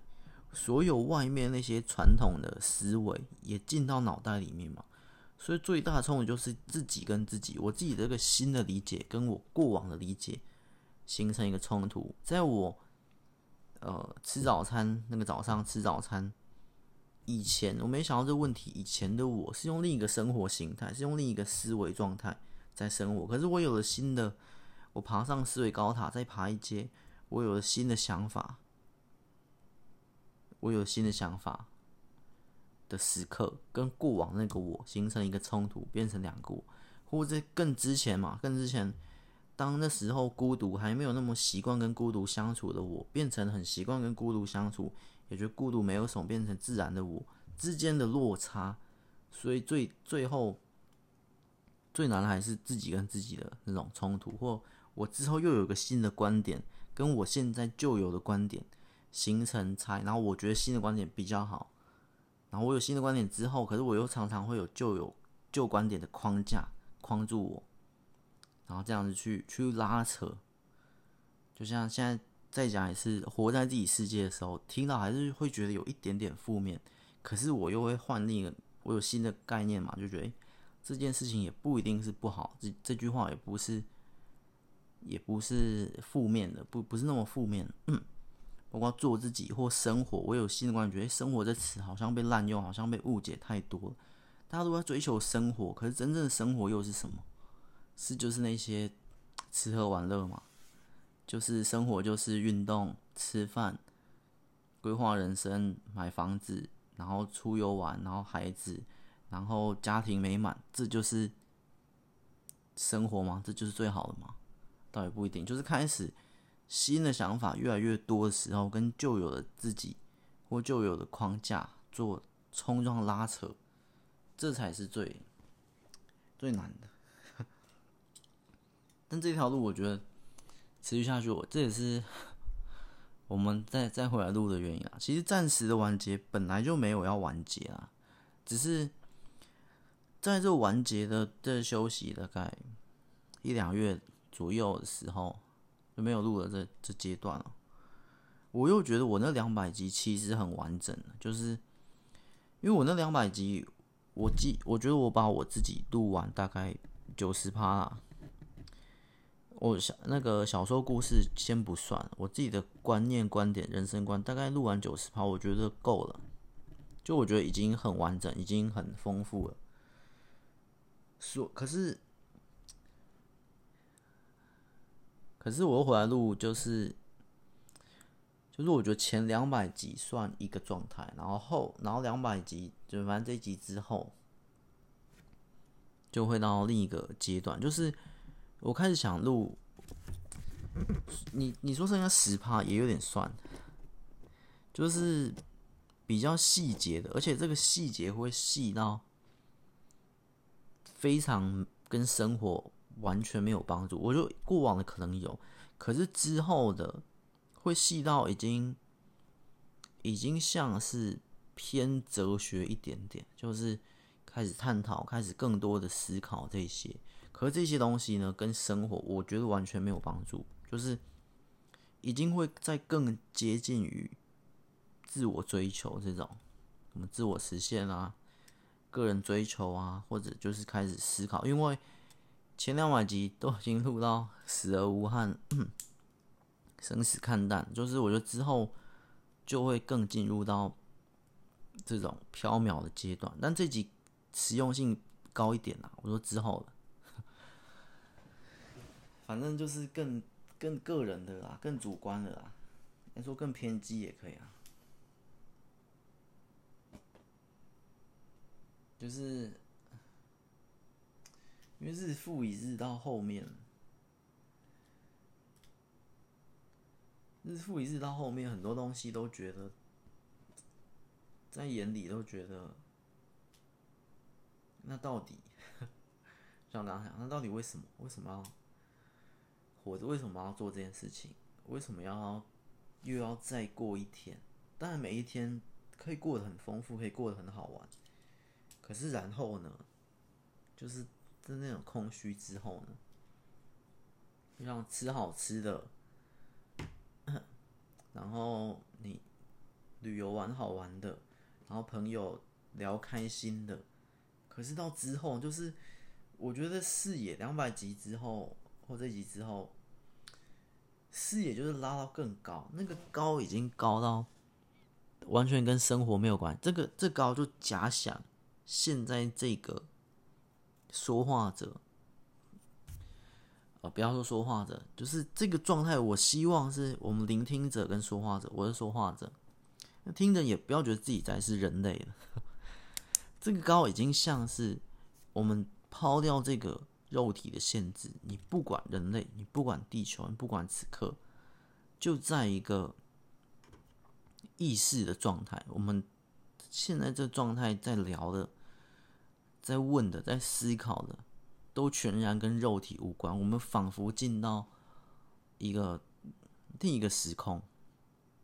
所有外面那些傳統的思維也進到腦袋裡面嘛，所以最大衝突就是自己跟自己。我自己的這個新的理解跟我過往的理解形成一個衝突。在我呃吃早餐那個早上吃早餐以前，我沒想到這個問題。以前的我是用另一個生活形態，是用另一個思維狀態在生活。可是我有了新的，我爬上思維高塔再爬一階，我有了新的想法。我有新的想法的時刻，跟過往那個我形成一個衝突，變成兩個我，或者更之前嘛，更之前，當那時候孤獨還沒有那麼習慣跟孤獨相處的我，變成很習慣跟孤獨相處，也就孤獨沒有什麼，變成自然的我之間的落差，所以最最後最難的還是自己跟自己的那種衝突，或我之後又有個新的觀點，跟我現在舊有的觀點。形成差，然後我覺得新的觀點比較好，然後我有新的觀點之後，可是我又常常會有舊有舊觀點的框架框住我，然後這樣子去去拉扯，就像現在再講一次，活在自己世界的時候，聽到還是會覺得有一點點負面，可是我又會換另一個，我有新的概念嘛，就覺得這件事情也不一定是不好，這這句話也不是也不是負面的，不不是那麼負面，嗯。包括做自己或生活，我有新的感覺，欸、生活這詞好像被濫用，好像被誤解太多了。大家都在追求生活，可是真正的生活又是什麼？是就是那些吃喝玩樂嗎？就是生活就是運動、吃飯、規劃人生、買房子，然後出遊玩，然後孩子，然後家庭美滿，這就是生活嗎？這就是最好的嗎？倒也不一定，就是開始。新的想法越來越多的時候，跟舊有的自己或舊有的框架做衝撞拉扯，這才是最最難的。 但這條路我覺得持續下去，我這也是我們再再回來錄的原因啊。其實暫時的完結本來就沒有要完結啊，只是在這完結的這休息大概一兩個月左右的時候。就沒有錄了這這階段了。我又覺得我那兩百集其實很完整，就是因為我那兩百集，我記我覺得我把我自己錄完大概九十趴啦我。我想那個小說故事先不算，我自己的觀念觀點人生觀大概錄完九十趴，我覺得夠了。就我覺得已經很完整，已經很豐富了。說，可是。可是我回來錄就是，就是我覺得前兩百集算一個狀態，然後後然後兩百集就反正這一集之後就會到另一個階段，就是我開始想錄，你你說剩下十趴也有點算，就是比較細節的，而且這個細節會細到非常跟生活。完全沒有幫助。我就過往的可能有，可是之後的會細到已經已經像是偏哲學一點點，就是開始探討，開始更多的思考這些。可是這些東西呢，跟生活我覺得完全沒有幫助，就是已經會在更接近於自我追求這種，什麼自我實現啊、個人追求啊，或者就是開始思考，因為。前兩百集都已經錄到死而無憾、嗯，生死看淡，就是我覺得之後就會更進入到這種飄渺的階段。但這集實用性高一點啊。我說之後了。 反正就是更更個人的啦，更主觀的啦，說更偏激也可以啊，就是。因為日復一日到後面，日復一日到後面，很多東西都覺得，在眼裡都覺得，那到底呵，就我剛剛想，那到底為什麼？為什麼要活着？為什麼要做這件事情？為什麼要又要再過一天？當然，每一天可以過得很豐富，可以過得很好玩。可是然後呢，就是。就那種空虛之後呢，就像吃好吃的，然後你旅遊玩好玩的，然後朋友聊開心的。可是到之後，就是我覺得視野兩百級之後或這級之後，視野就是拉到更高，那個高已經高到完全跟生活沒有關。這個這高、個、就假想現在這個。說話者，啊、哦，不要說說話者，就是這個狀態。我希望是我們聆聽者跟說話者，我是說話者，聽者也不要覺得自己才是人類了。 這個高已經像是我們拋掉這個肉體的限制，你不管人類，你不管地球，你不管此刻，就在一個意識的狀態。我們現在這狀態在聊的。在問的，在思考的，都全然跟肉體無關。我們仿佛進到一個另一個時空，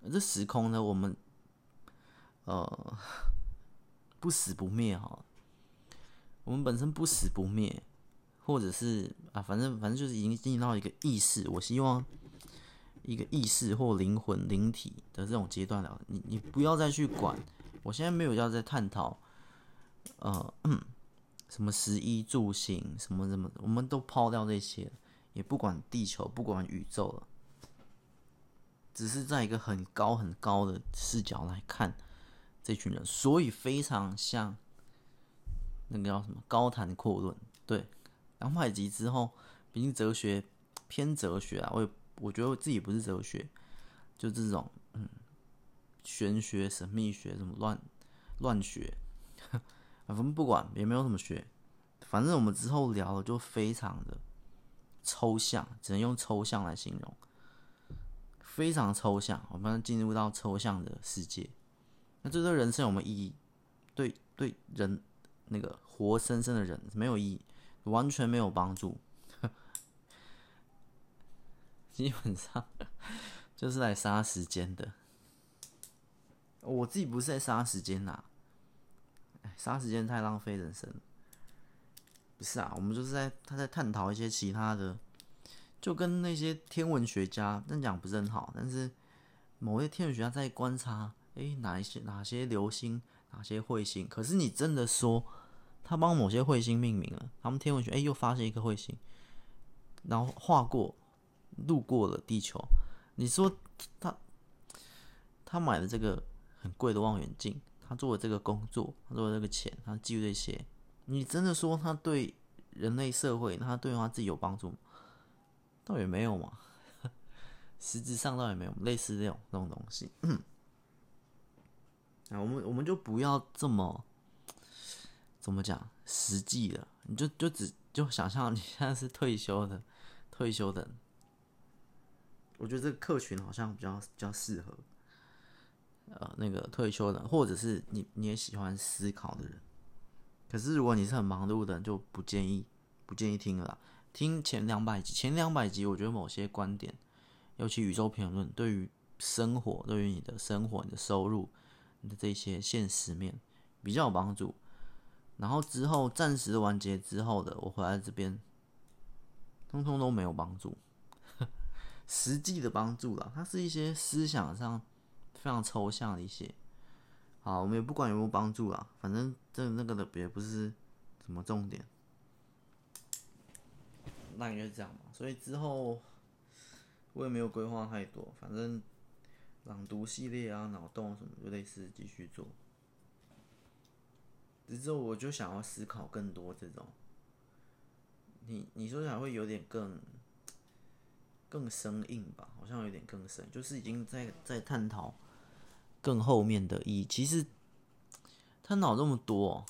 這時空呢，我們呃不死不滅哈。我們本身不死不滅，或者是啊，反正反正就是已經進到一個意識。我希望一個意識或靈魂靈體的這種階段了。你你不要再去管，我現在沒有要再探討。呃嗯。什麼食衣住行，什麼什麼，我們都拋掉這些，也不管地球，不管宇宙了，只是在一個很高很高的視角來看這群人，所以非常像那個叫什麼高談闊論。對，兩太極之後，畢竟哲學偏哲學啊，我也我覺得我自己不是哲學，就這種嗯玄學、神秘學什麼亂亂學。我們不管也沒有什麼學，反正我們之後聊的就非常的抽象，只能用抽象來形容，非常抽象。我們進入到抽象的世界，那這對人生有沒有意義？對對人那個活生生的人沒有意義，完全沒有幫助， 基本上就是來殺時間的。哦。我自己不是在殺時間吶、啊。殺時間太浪費人生，不是啊？我們就是在他在探討一些其他的，就跟那些天文學家，那講不是很好。但是某些天文學家在觀察，誒、欸，哪一些哪些流星，哪些彗星。可是你真的說，他幫某些彗星命名了，他們天文學哎、欸、又發現一顆彗星，然後劃過路過了地球。你說他他買了這個很貴的望遠鏡。他做了這個工作，他做了這個錢，他基於這些，你真的說他對人類社會，他對他自己有幫助嗎？倒也沒有嘛，實質上倒也沒有類似這種這種東西。嗯、啊，我們我們就不要這麼怎麼講實際的，你就就只就想象你現在是退休的，退休的，我覺得這個客群好像比較比較適合。呃，那個退休的，或者是你你也喜歡思考的人，可是如果你是很忙碌的人，就不建議不建議聽了啦。聽前兩百集，前兩百集我覺得某些觀點，尤其宇宙評論，對於生活，對於你的生活、你的收入、你的這些現實面比較有幫助。然後之後暫時完結之後的，我回來這邊，通通都沒有幫助，呵呵，實際的幫助了，它是一些思想上。非常抽象的一些，好，我們也不管有沒有幫助啊，反正這那個的別不是什麼重點，那也就是這樣嘛。所以之後我也沒有規劃太多，反正朗讀系列啊、腦洞什麼就類似繼續做。只是我就想要思考更多這種，你你說想會有點更更生硬吧？好像有點更生，就是已經在在探討。更後面的意義，其實他腦這麼多，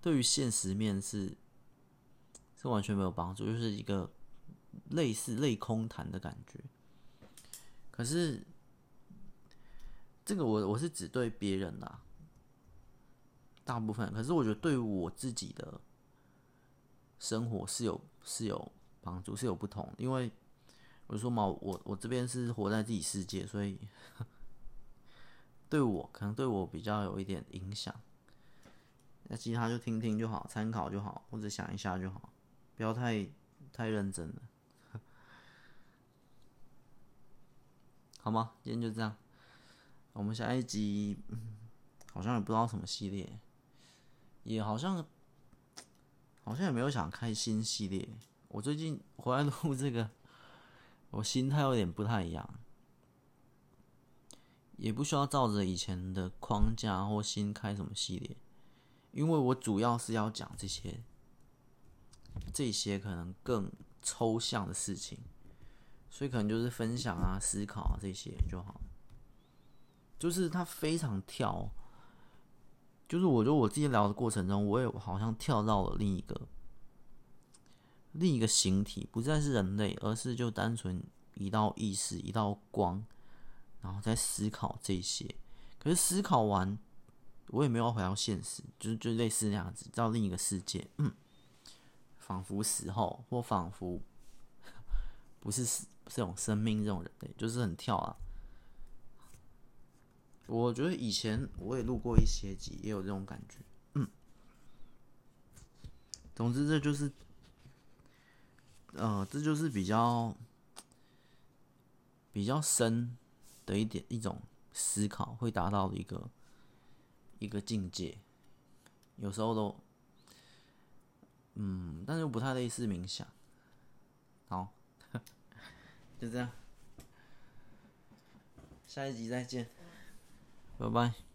對於現實面是是完全沒有幫助，就是一個類似類空談的感覺。可是這個我我是只對別人啦，大部分。可是我覺得對我自己的生活是有是有幫助，是有不同，因為我說嘛，我我這邊是活在自己世界，所以。對我可能對我比較有一點影響，那、啊、其他就聽聽就好，參考就好，或者想一下就好，不要太太認真了，好嗎？今天就這樣，我們下一集好像也不知道什麼系列，也好像好像也沒有想開新系列。我最近回來錄這個，我心態有點不太一樣。也不需要照着以前的框架或新開什麼系列，因為我主要是要講這些，這些可能更抽象的事情，所以可能就是分享啊、思考啊這些就好。就是它非常跳，就是我覺得我自己聊的過程中，我也好像跳到了另一個另一個形體，不再是人類，而是就單純一道意識、一道光。然後再思考這些，可是思考完，我也沒有回到現實，就就類似那樣子，到另一個世界，嗯，仿佛死後，或仿佛不是不是這種生命，這種人類，就是很跳啊。我覺得以前我也錄過一些集，也有這種感覺，嗯。總之，這就是，呃，這就是比較比較深。的一點一種思考會達到的一個一個境界，有時候都，嗯，但是又不太類似冥想。好，就這樣，下一集再見，嗯、拜拜。